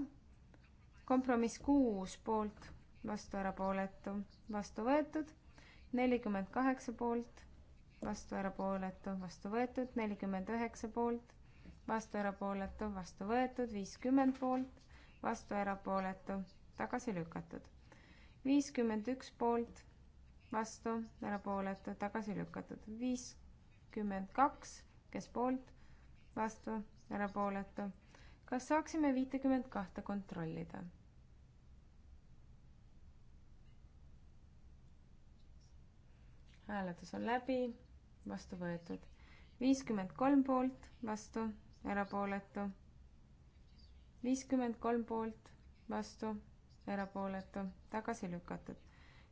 kompromiss kuus poolt, vastu, erapooletu, vastu võetud, nelikümmend kaheksa poolt, vastu, erapooletu, vastu võetud, nelikümmend üheksa poolt, vastu, erapooletu, vastu võetud, viiskümmend poolt, vastu, erapooletu tagasi lükatud. viiskümmend üks poolt, vastu, erapooletu, tagasi lükatud. viiskümmend kaks, kes poolt, vastu, erapooletu. kas saaksime viitekümmet kahte kontrollida? hääletus on läbi, vastu võetud. viiskümmend kolm poolt, vastu, erapooletu. viiskümmend kolm poolt, vastu, erapooletu, tagasi lükatud.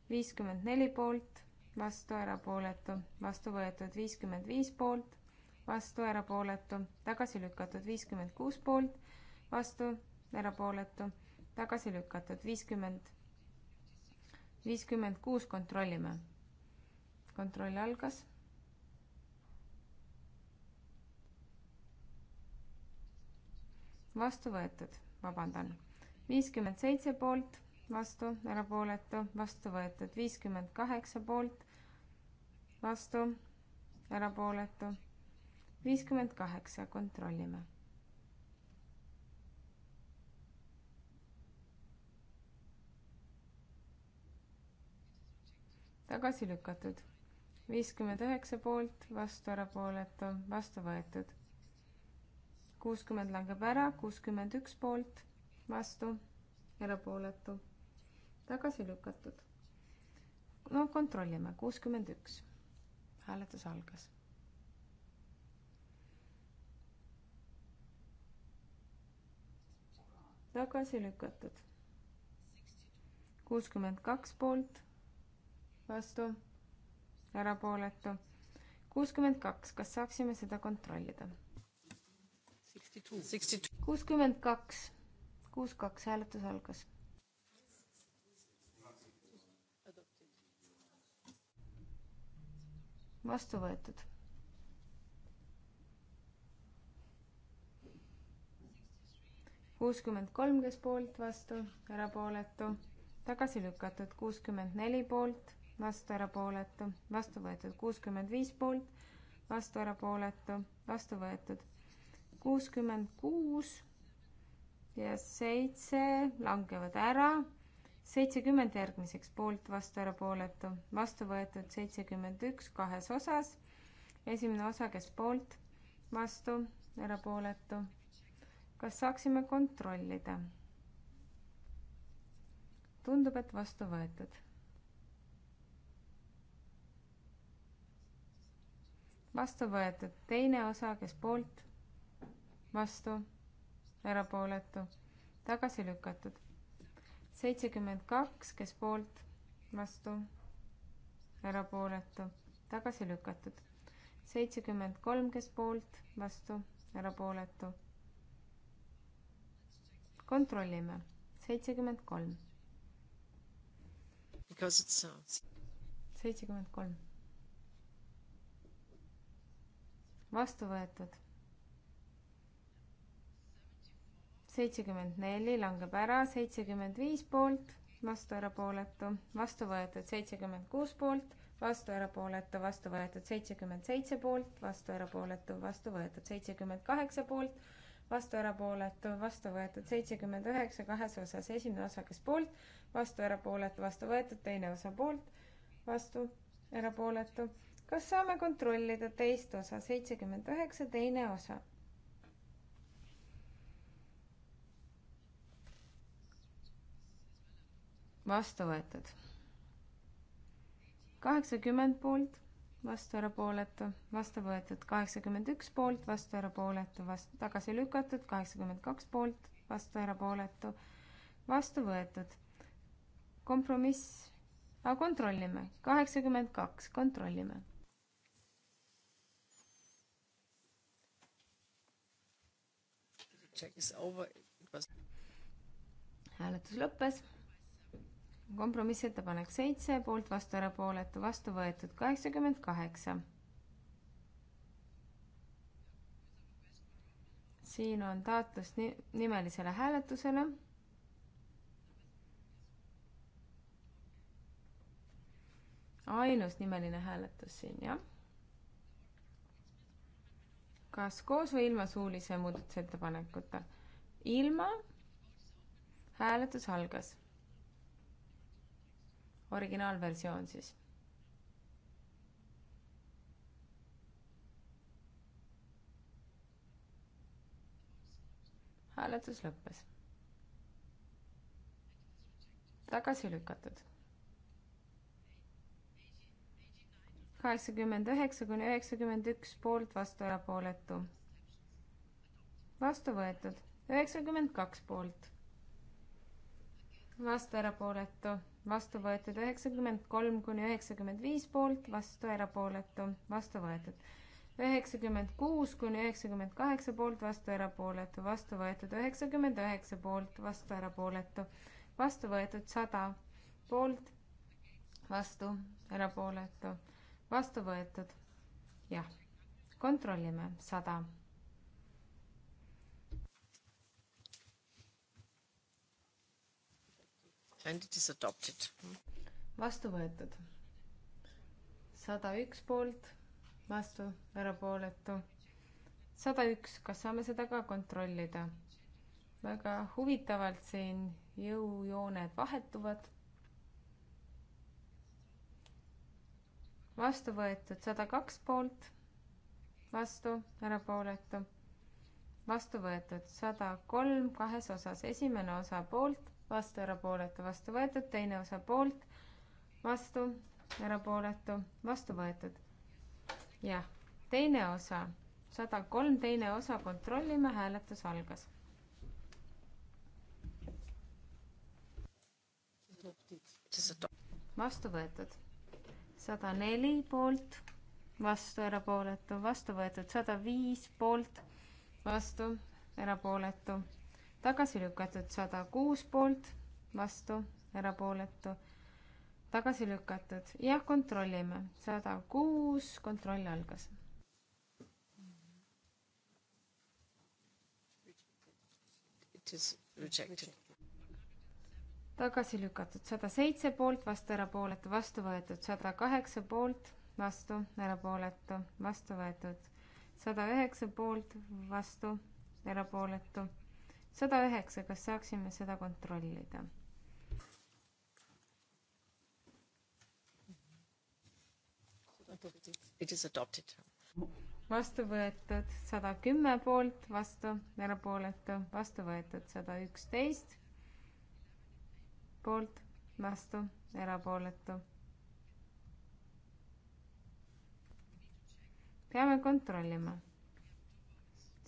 viiskümmend neli poolt, vastu, erapooletu, vastu võetud viiskümmend viis poolt, vastu, erapooletu, tagasi lükatud viiskümmend kuus poolt, vastu, erapooletu, tagasi lükatud viiskümmend, viiskümmend kuus kontrollime. kontroll algas. vastu võetud, vabandan viiskümmend seitse poolt, vastu, erapooletu, vastu võetud. viiskümmend kaheksa poolt, vastu, erapooletu. viiskümmend kaheksa, kontrollime tagasi lükatud. viiskümmend üheksa poolt, vastu erapooletu, vastu võetud. kuuskümmend langeb ära, kuuskümmend üks poolt, vastu, erapooletu, tagasi lükatud. no kontrollime, kuuskümmend üks. hääletus algas. tagasi lükatud. kuuskümmend kaks poolt, vastu, erapooletu. kuuskümmend kaks, kas saaksime seda kontrollida? kuuskümmend kaks kuus, kaks hääletus algas. vastu võetud. kuuskümmend kolm, kes poolt, vastu, erapooletu, tagasi lükatud, kuuskümmend neli poolt, vastu, erapooletu, vastu võetud, kuuskümmend viis poolt, vastu, erapooletu, vastu võetud, kuuskümmend kuus ja seitse langevad ära. seitsekümmend järgmiseks poolt, vastu, erapooletu, vastu võetud seitsekümmend üks kahes osas. esimene osa, kes poolt, vastu, erapooletu. kas saaksime kontrollida? tundub, et vastu võetud. vastu võetud teine osa, kes poolt, vastu erapooletu, tagasi lükatud. seitsekümmend kaks, kes poolt, vastu, erapooletu, tagasi lükatud. seitsekümmend kolm, kes poolt, vastu, erapooletu. kontrollime, seitsekümmend kolm. Because it sounds. seitsekümmend kolm. vastu võetud seitsekümmend neli langeb ära, seitsekümmend viis poolt, vastu erapooletu, vastu võetud seitsekümmend kuus poolt, vastu erapooletu, vastu võetud seitsekümmend seitse poolt, vastu erapooletu, vastu võetud seitsekümmend kaheksa poolt, vastu erapooletu, vastu võetud seitsekümmend üheksa kahes osas, esimene osa, kes poolt, vastu erapooletu, vastu võetud teine osa poolt, vastu erapooletu. kas saame kontrollida teist osa, seitsekümmend üheksa, teine osa? vastu võetud. kaheksakümmend poolt, vastu erapooletu, vastu võetud, kaheksakümmend üks poolt, vastu erapooletu, vastu tagasi lükatud, kaheksakümmend kaks poolt, vastu erapooletu, vastu võetud. kompromiss, aga kontrollime, kaheksakümmend kaks, kontrollime hääletus lõppes kompromissettepanek seitse, poolt, vastu, erapooletu, vastu võetud kaheksakümmend kaheksa. siin on taotlus ni-, nimelisele hääletusele. ainus nimeline hääletus siin, jah. kas koos või ilma suulise muudatusettepanekuta? ilma. hääletus algas originaalversioon siis. hääletus lõppes. tagasi lükatud. kaheksakümmend üheksa kuni üheksakümmend üks poolt, vastu erapooletu. vastu võetud üheksakümmend kaks poolt. vastu erapooletu vastu võetud üheksakümmend kolm kuni üheksakümmend viis poolt, vastu erapooletu, vastu võetud. üheksakümmend kuus kuni üheksakümmend kaheksa poolt, vastu erapooletu, vastu võetud üheksakümmend üheksa poolt, vastu erapooletu, vastu võetud sada poolt, vastu erapooletu, vastu võetud. jah, kontrollime sada and it is adopted. vastu võetud. sada üks poolt, vastu, erapooletu. sada üks, kas saame seda ka kontrollida? väga huvitavalt siin jõujooned vahetuvad. vastu võetud sada kaks poolt, vastu, erapooletu vastu võetud sada kolm kahes osas, esimene osa poolt, vastu, erapooletu, vastu võetud, teine osa poolt, vastu, erapooletu, vastu võetud. jah, teine osa, sada kolm, teine osa, kontrollime, hääletus algas. vastu võetud, sada neli poolt, vastu, erapooletu, vastu võetud, sada viis poolt, vastu, erapooletu tagasi lükatud sada kuus poolt, vastu, erapooletu, tagasi lükatud. jah, kontrollime. sada kuus, kontroll algas. tagasi lükatud sada seitse poolt, vastu, erapooletu, vastu võetud sada kaheksa poolt, vastu, erapooletu, vastu võetud sada üheksa poolt, vastu, erapooletu sada üheksa, kas saaksime seda kontrollida? vastu võetud sada kümme poolt, vastu, erapooletu, vastu võetud sada üksteist poolt, vastu, erapooletu. peame kontrollima.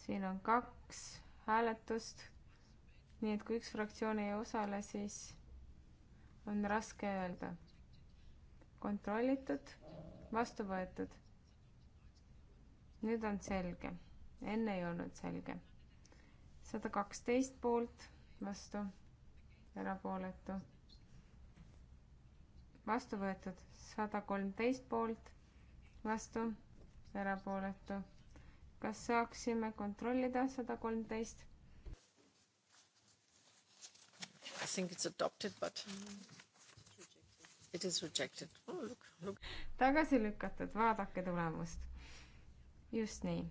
siin on kaks hääletust nii et kui üks fraktsioon ei osale, siis on raske öelda. kontrollitud, vastu võetud. nüüd on selge, enne ei olnud selge. sada kaksteist poolt, vastu, erapooletu. vastu võetud, sada kolmteist poolt, vastu, erapooletu. kas saaksime kontrollida sada kolmteist? think it's adopted, but it is rejected oh,. Look, look. tagasi lükatud, vaadake tulemust. just nii,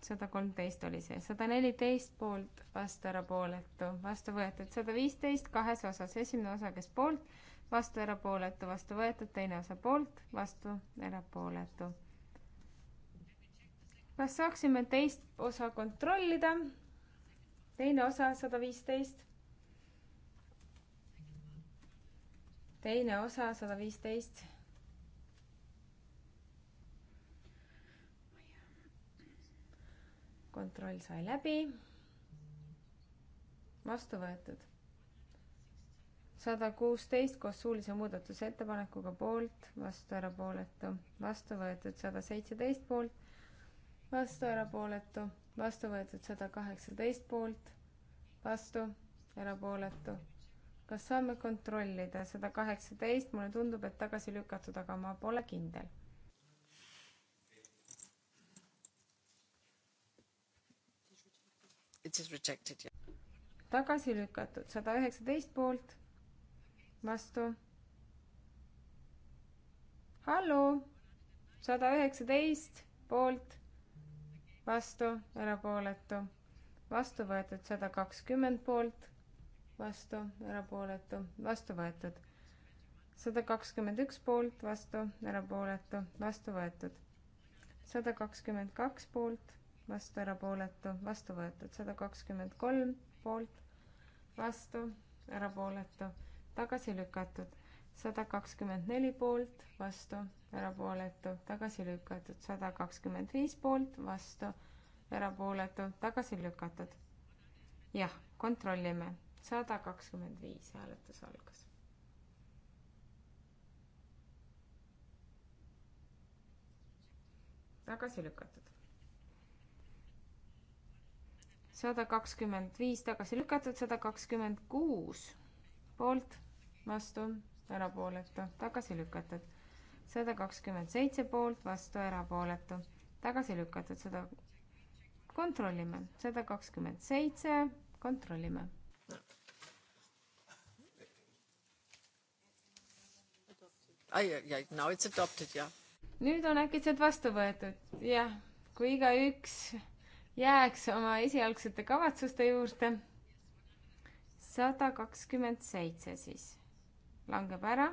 sada kolmteist oli see, sada neliteist poolt, vastu erapooletu, vastu võetud, sada viisteist kahes osas, esimene osa, kes poolt, vastu erapooletu, vastu võetud, teine osa poolt, vastu erapooletu. kas saaksime teist osa kontrollida? teine osa sada viisteist teine osa sada viisteist. kontroll sai läbi. vastu võetud. sada kuusteist koos suulise muudatusettepanekuga poolt, vastu erapooletu, vastu võetud sada seitseteist poolt, vastu erapooletu, vastu võetud sada kaheksateist poolt, vastu erapooletu kas saame kontrollida sada kaheksateist, mulle tundub, et tagasi lükatud, aga ma pole kindel. tagasi lükatud, sada üheksateist poolt, vastu. hallo, sada üheksateist poolt, vastu, erapooletu, vastu võetud sada kakskümmend poolt vastu, erapooletu, vastu võetud. sada kakskümmend üks poolt, vastu, erapooletu, vastu võetud. sada kakskümmend kaks poolt, vastu, erapooletu, vastu võetud. sada kakskümmend kolm poolt, vastu, erapooletu, tagasi lükatud. sada kakskümmend neli poolt, vastu, erapooletu, tagasi lükatud. sada kakskümmend viis poolt, vastu, erapooletu, tagasi lükatud. jah, kontrollime sada kakskümmend viis hääletus algas. tagasi lükatud. sada kakskümmend viis tagasi lükatud, sada kakskümmend kuus poolt, vastu, erapooletu, tagasi lükatud. sada kakskümmend seitse poolt, vastu, erapooletu, tagasi lükatud, sada kontrollime, sada kakskümmend seitse, kontrollime nüüd on äkitselt vastu võetud, jah, kui igaüks jääks oma esialgsete kavatsuste juurde. sada kakskümmend seitse siis langeb ära.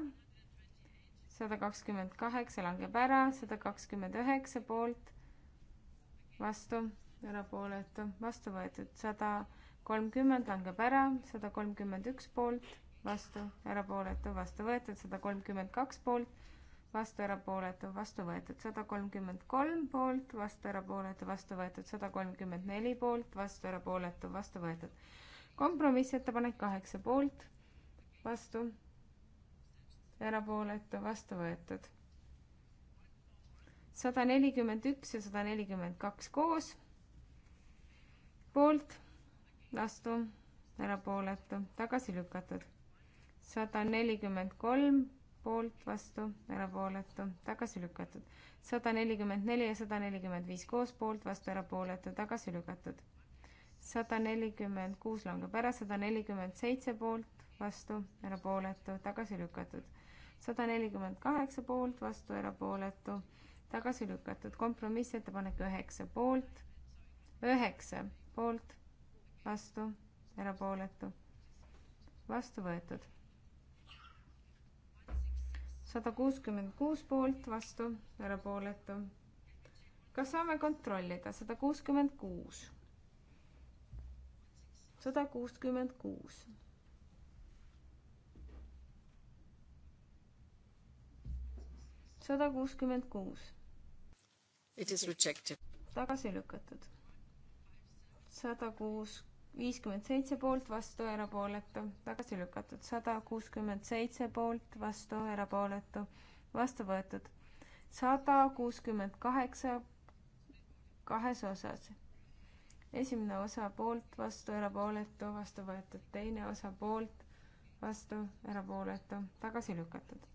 sada kakskümmend kaheksa langeb ära, sada kakskümmend üheksa poolt, vastu, erapooletu, vastu võetud, sada kolmkümmend langeb ära, sada kolmkümmend üks poolt vastu, erapooletu, vastu võetud, sada kolmkümmend kaks poolt, vastu, erapooletu, vastu võetud, sada kolmkümmend kolm poolt, vastu, erapooletu, vastu võetud, sada kolmkümmend neli poolt, vastu, erapooletu, vastu võetud. kompromissettepanek kaheksa poolt, vastu, erapooletu, vastu võetud. sada nelikümmend üks ja sada nelikümmend kaks koos, poolt, vastu, erapooletu, tagasi lükatud sada nelikümmend kolm poolt, vastu, erapooletu, tagasi lükatud. sada nelikümmend neli ja sada nelikümmend viis koos, poolt, vastu, erapooletu, tagasi lükatud. sada nelikümmend kuus langeb ära, sada nelikümmend seitse poolt, vastu, erapooletu, tagasi lükatud. sada nelikümmend kaheksa poolt, vastu, erapooletu, tagasi lükatud. kompromissettepanek üheksa poolt, üheksa poolt, vastu, erapooletu, vastu võetud sada kuuskümmend kuus poolt, vastu, erapooletu. kas saame kontrollida? sada kuuskümmend kuus. sada kuuskümmend kuus. sada kuuskümmend kuus. It is rejected. tagasi lükatud. sada kuus viiskümmend seitse poolt, vastu, erapooletu, tagasi lükatud, sada kuuskümmend seitse poolt, vastu, erapooletu, vastu võetud, sada kuuskümmend kaheksa kahes osas. esimene osa poolt, vastu, erapooletu, vastu võetud, teine osa poolt, vastu, erapooletu, tagasi lükatud.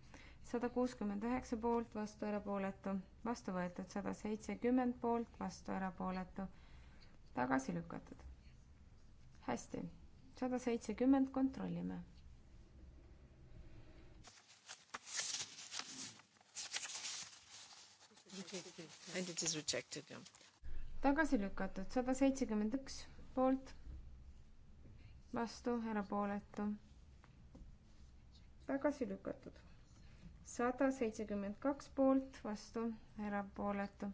sada kuuskümmend üheksa poolt, vastu, erapooletu, vastu võetud, sada seitsekümmend poolt, vastu, erapooletu, tagasi lükatud hästi, sada seitsekümmend kontrollime. tagasi lükatud sada seitsekümmend üks poolt, vastu, erapooletu. tagasi lükatud sada seitsekümmend kaks poolt, vastu, erapooletu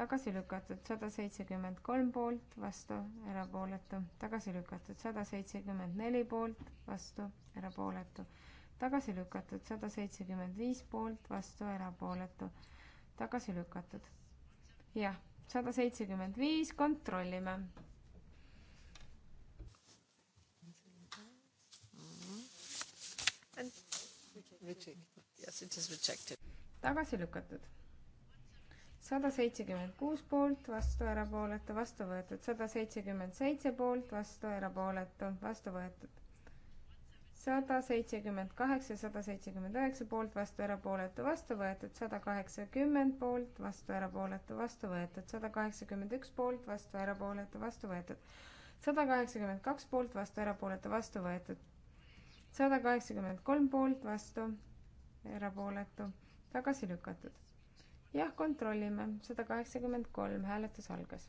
tagasi lükatud sada seitsekümmend kolm poolt, vastu, erapooletu, tagasi lükatud sada seitsekümmend neli poolt, vastu, erapooletu, tagasi lükatud sada seitsekümmend viis poolt, vastu, erapooletu, tagasi lükatud. jah, sada seitsekümmend viis, kontrollime. tagasi lükatud sada seitsekümmend kuus poolt, vastu, erapooletu, vastu võetud, sada seitsekümmend seitse poolt, vastu, erapooletu, vastu võetud. sada seitsekümmend kaheksa, sada seitsekümmend üheksa poolt, vastu, erapooletu, vastu võetud, sada kaheksakümmend poolt, vastu, erapooletu, vastu võetud, sada kaheksakümmend üks poolt, vastu, erapooletu, vastu võetud, sada kaheksakümmend kaks poolt, vastu, erapooletu, vastu võetud, sada kaheksakümmend kolm poolt, vastu, erapooletu, tagasi lükatud jah, kontrollime, sada kaheksakümmend kolm, hääletus algas.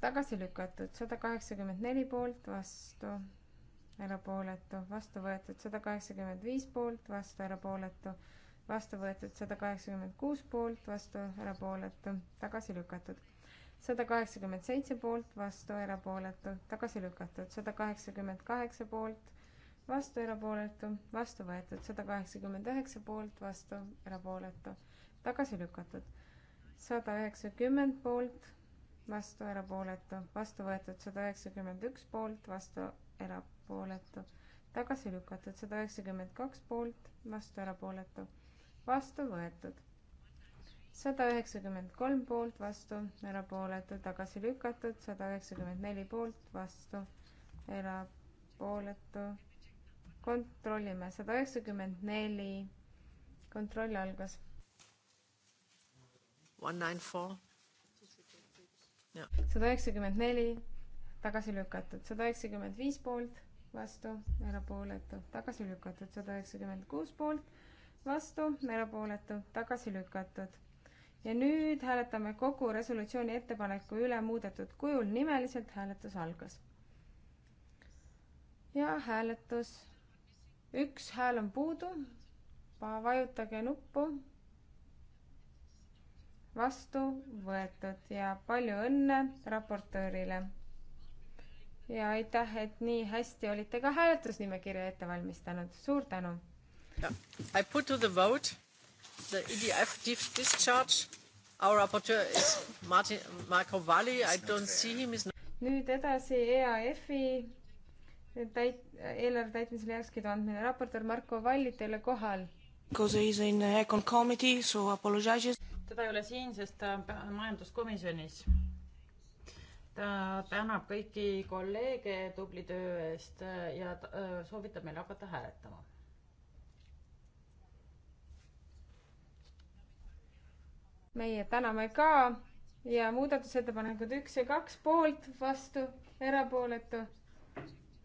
tagasi lükatud, sada kaheksakümmend neli poolt, vastu, erapooletu, vastu võetud sada kaheksakümmend viis poolt, vastu, erapooletu, vastu võetud sada kaheksakümmend kuus poolt, vastu, erapooletu, tagasi lükatud sada kaheksakümmend seitse poolt, vastu, erapooletu, tagasi lükatud, sada kaheksakümmend kaheksa poolt vastu, erapooletu, vastu võetud, sada kaheksakümmend üheksa poolt, vastu, erapooletu, tagasi lükatud, sada üheksakümmend poolt, vastu, erapooletu, vastu võetud, sada üheksakümmend üks poolt, vastu, erapooletu, tagasi lükatud, sada üheksakümmend kaks poolt, vastu, erapooletu, vastu võetud sada üheksakümmend kolm poolt, vastu, erapooletu, tagasi lükatud, sada üheksakümmend neli poolt, vastu, erapooletu kontrollime, sada üheksakümmend neli, kontroll algas. sada üheksakümmend neli, tagasi lükatud, sada üheksakümmend viis poolt, vastu, erapooletu, tagasi lükatud, sada üheksakümmend kuus poolt, vastu, erapooletu, tagasi lükatud ja nüüd hääletame kogu resolutsiooni ettepaneku üle muudetud kujul, nimeliselt hääletus algas. ja hääletus üks hääl on puudu. vajutage nuppu. vastu võetud ja palju õnne raportöörile. ja aitäh, et nii hästi olite ka hääletusnimekirja ette valmistanud. suur tänu. I put to the vote the EDF discharge. Our rapporteur is Martin Marko Valli. I don't see him. nüüd edasi EAF-i täit-, eelarve täitmisele heakskiidu andmine. raportöör Marko Valli teile kohal. teda ei ole siin, sest ta on majanduskomisjonis. ta tänab kõiki kolleege tubli töö eest äh, ja ta, äh, soovitab meil hakata hääletama. meie täname ka ja muudatusettepanekud üks ja kaks poolt, vastu, erapooletu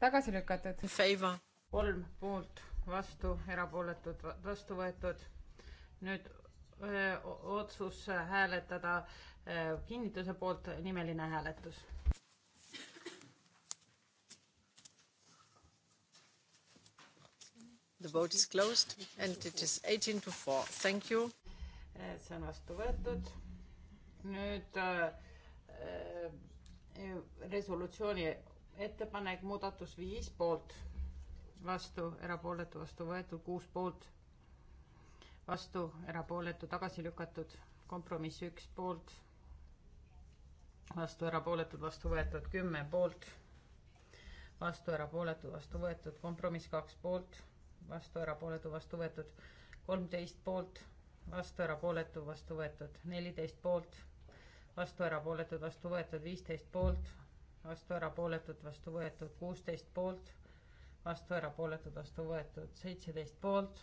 tagasi lükatud. kolm poolt, vastu, erapooletud, vastu võetud. nüüd öö, otsus hääletada öö, kinnituse poolt, nimeline hääletus. The vote is closed and it is eighteen to four, thank you. see on vastu võetud. nüüd öö, resolutsiooni ettepanek muudatus viis poolt, vastu, erapooletu, vastu võetud, kuus poolt, vastu, erapooletu, tagasi lükatud, kompromiss üks poolt, vastu, erapooletud, vastu võetud, kümme poolt, vastu, erapooletu, vastu võetud, kompromiss kaks poolt, vastu, erapooletu, vastu võetud, kolmteist poolt, vastu, erapooletu, vastu võetud, neliteist poolt, vastu, erapooletud, vastu võetud, viisteist poolt, vastu erapooletud, vastu võetud kuusteist poolt, vastu erapooletud, vastu võetud seitseteist poolt,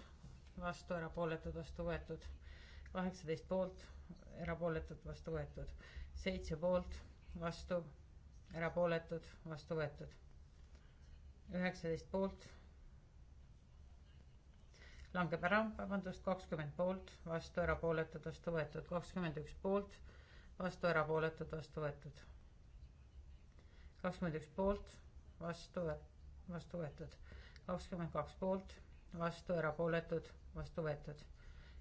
vastu erapooletud, vastu võetud kaheksateist poolt, erapooletud, vastu võetud seitse poolt, vastu erapooletud, vastu võetud üheksateist poolt, langeb ära, vabandust, kakskümmend poolt, vastu erapooletud, vastu võetud kakskümmend üks poolt, vastu erapooletud, vastu võetud kakskümmend üks poolt, vastu, vastu võetud. kakskümmend kaks poolt, vastu, erapooletud, vastu võetud.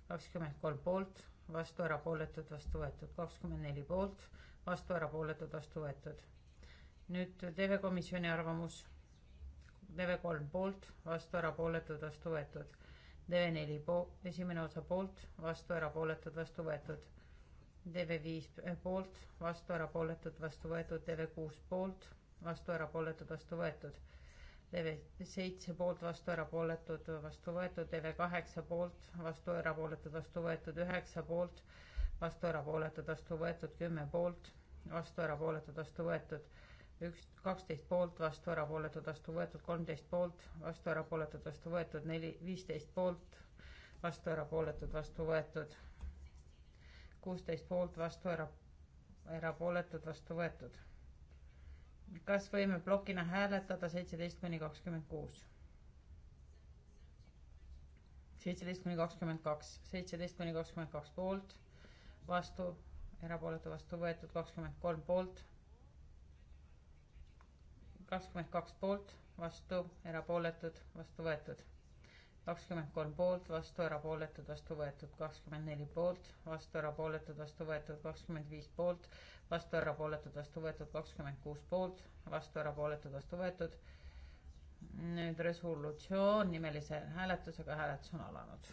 kakskümmend kolm poolt, vastu, erapooletud, vastu võetud. kakskümmend neli poolt, vastu, erapooletud, vastu võetud. nüüd TV Komisjoni arvamus. TV kolm poolt, vastu, erapooletud, vastu võetud. TV neli po-, esimene osa poolt, vastu, erapooletud, vastu võetud DV5 poolt, vastu erapooletud, vastu võetud, DV6 poolt, vastu erapooletud, vastu võetud. DV7 poolt, vastu erapooletud, vastu võetud, DV8 poolt, vastu erapooletud, vastu võetud, üheksa poolt, vastu erapooletud, vastu võetud, kümme poolt, vastu erapooletud, vastu võetud, üks, kaksteist poolt, vastu erapooletud, vastu võetud, kolmteist poolt, vastu erapooletud, vastu võetud, neli, viisteist poolt, vastu erapooletud, vastu võetud kuusteist poolt vastu era-, erapooletud vastu võetud. kas võime plokina hääletada seitseteist kuni kakskümmend kuus? seitseteist kuni kakskümmend kaks, seitseteist kuni kakskümmend kaks poolt, vastu, erapooletu vastu võetud kakskümmend kolm poolt, kakskümmend kaks poolt, vastu, erapooletud, vastu võetud kakskümmend kolm poolt, vastu erapooletud, vastu võetud kakskümmend neli poolt, vastu erapooletud, vastu võetud kakskümmend viis poolt, vastu erapooletud, vastu võetud kakskümmend kuus poolt, vastu erapooletud, vastu võetud. nüüd resolutsioon nimelise hääletusega, hääletus on alanud.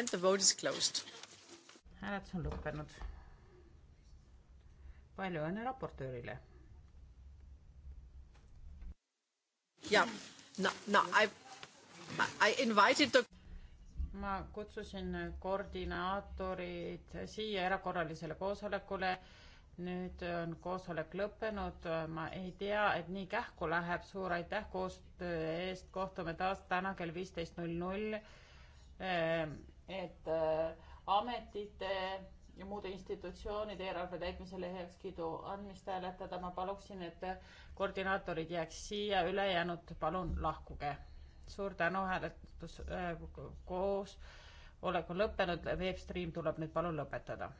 And the vote is closed. hääletus on lõppenud palju õnne raportöörile. ja, no, no I, I invited the ma kutsusin koordinaatorid siia erakorralisele koosolekule. nüüd on koosolek lõppenud, ma ei tea, et nii kähku läheb, suur aitäh koostöö eest, kohtume taas täna kell viisteist null null. Ehm, et äh, ametite ja muude institutsioonide eelarve täitmisele heakskiidu andmist hääletada, ma paluksin, et koordinaatorid jääks siia, ülejäänud palun lahkuge. suur tänu, hääletus äh, koos olek on lõppenud, veebstriim tuleb nüüd palun lõpetada.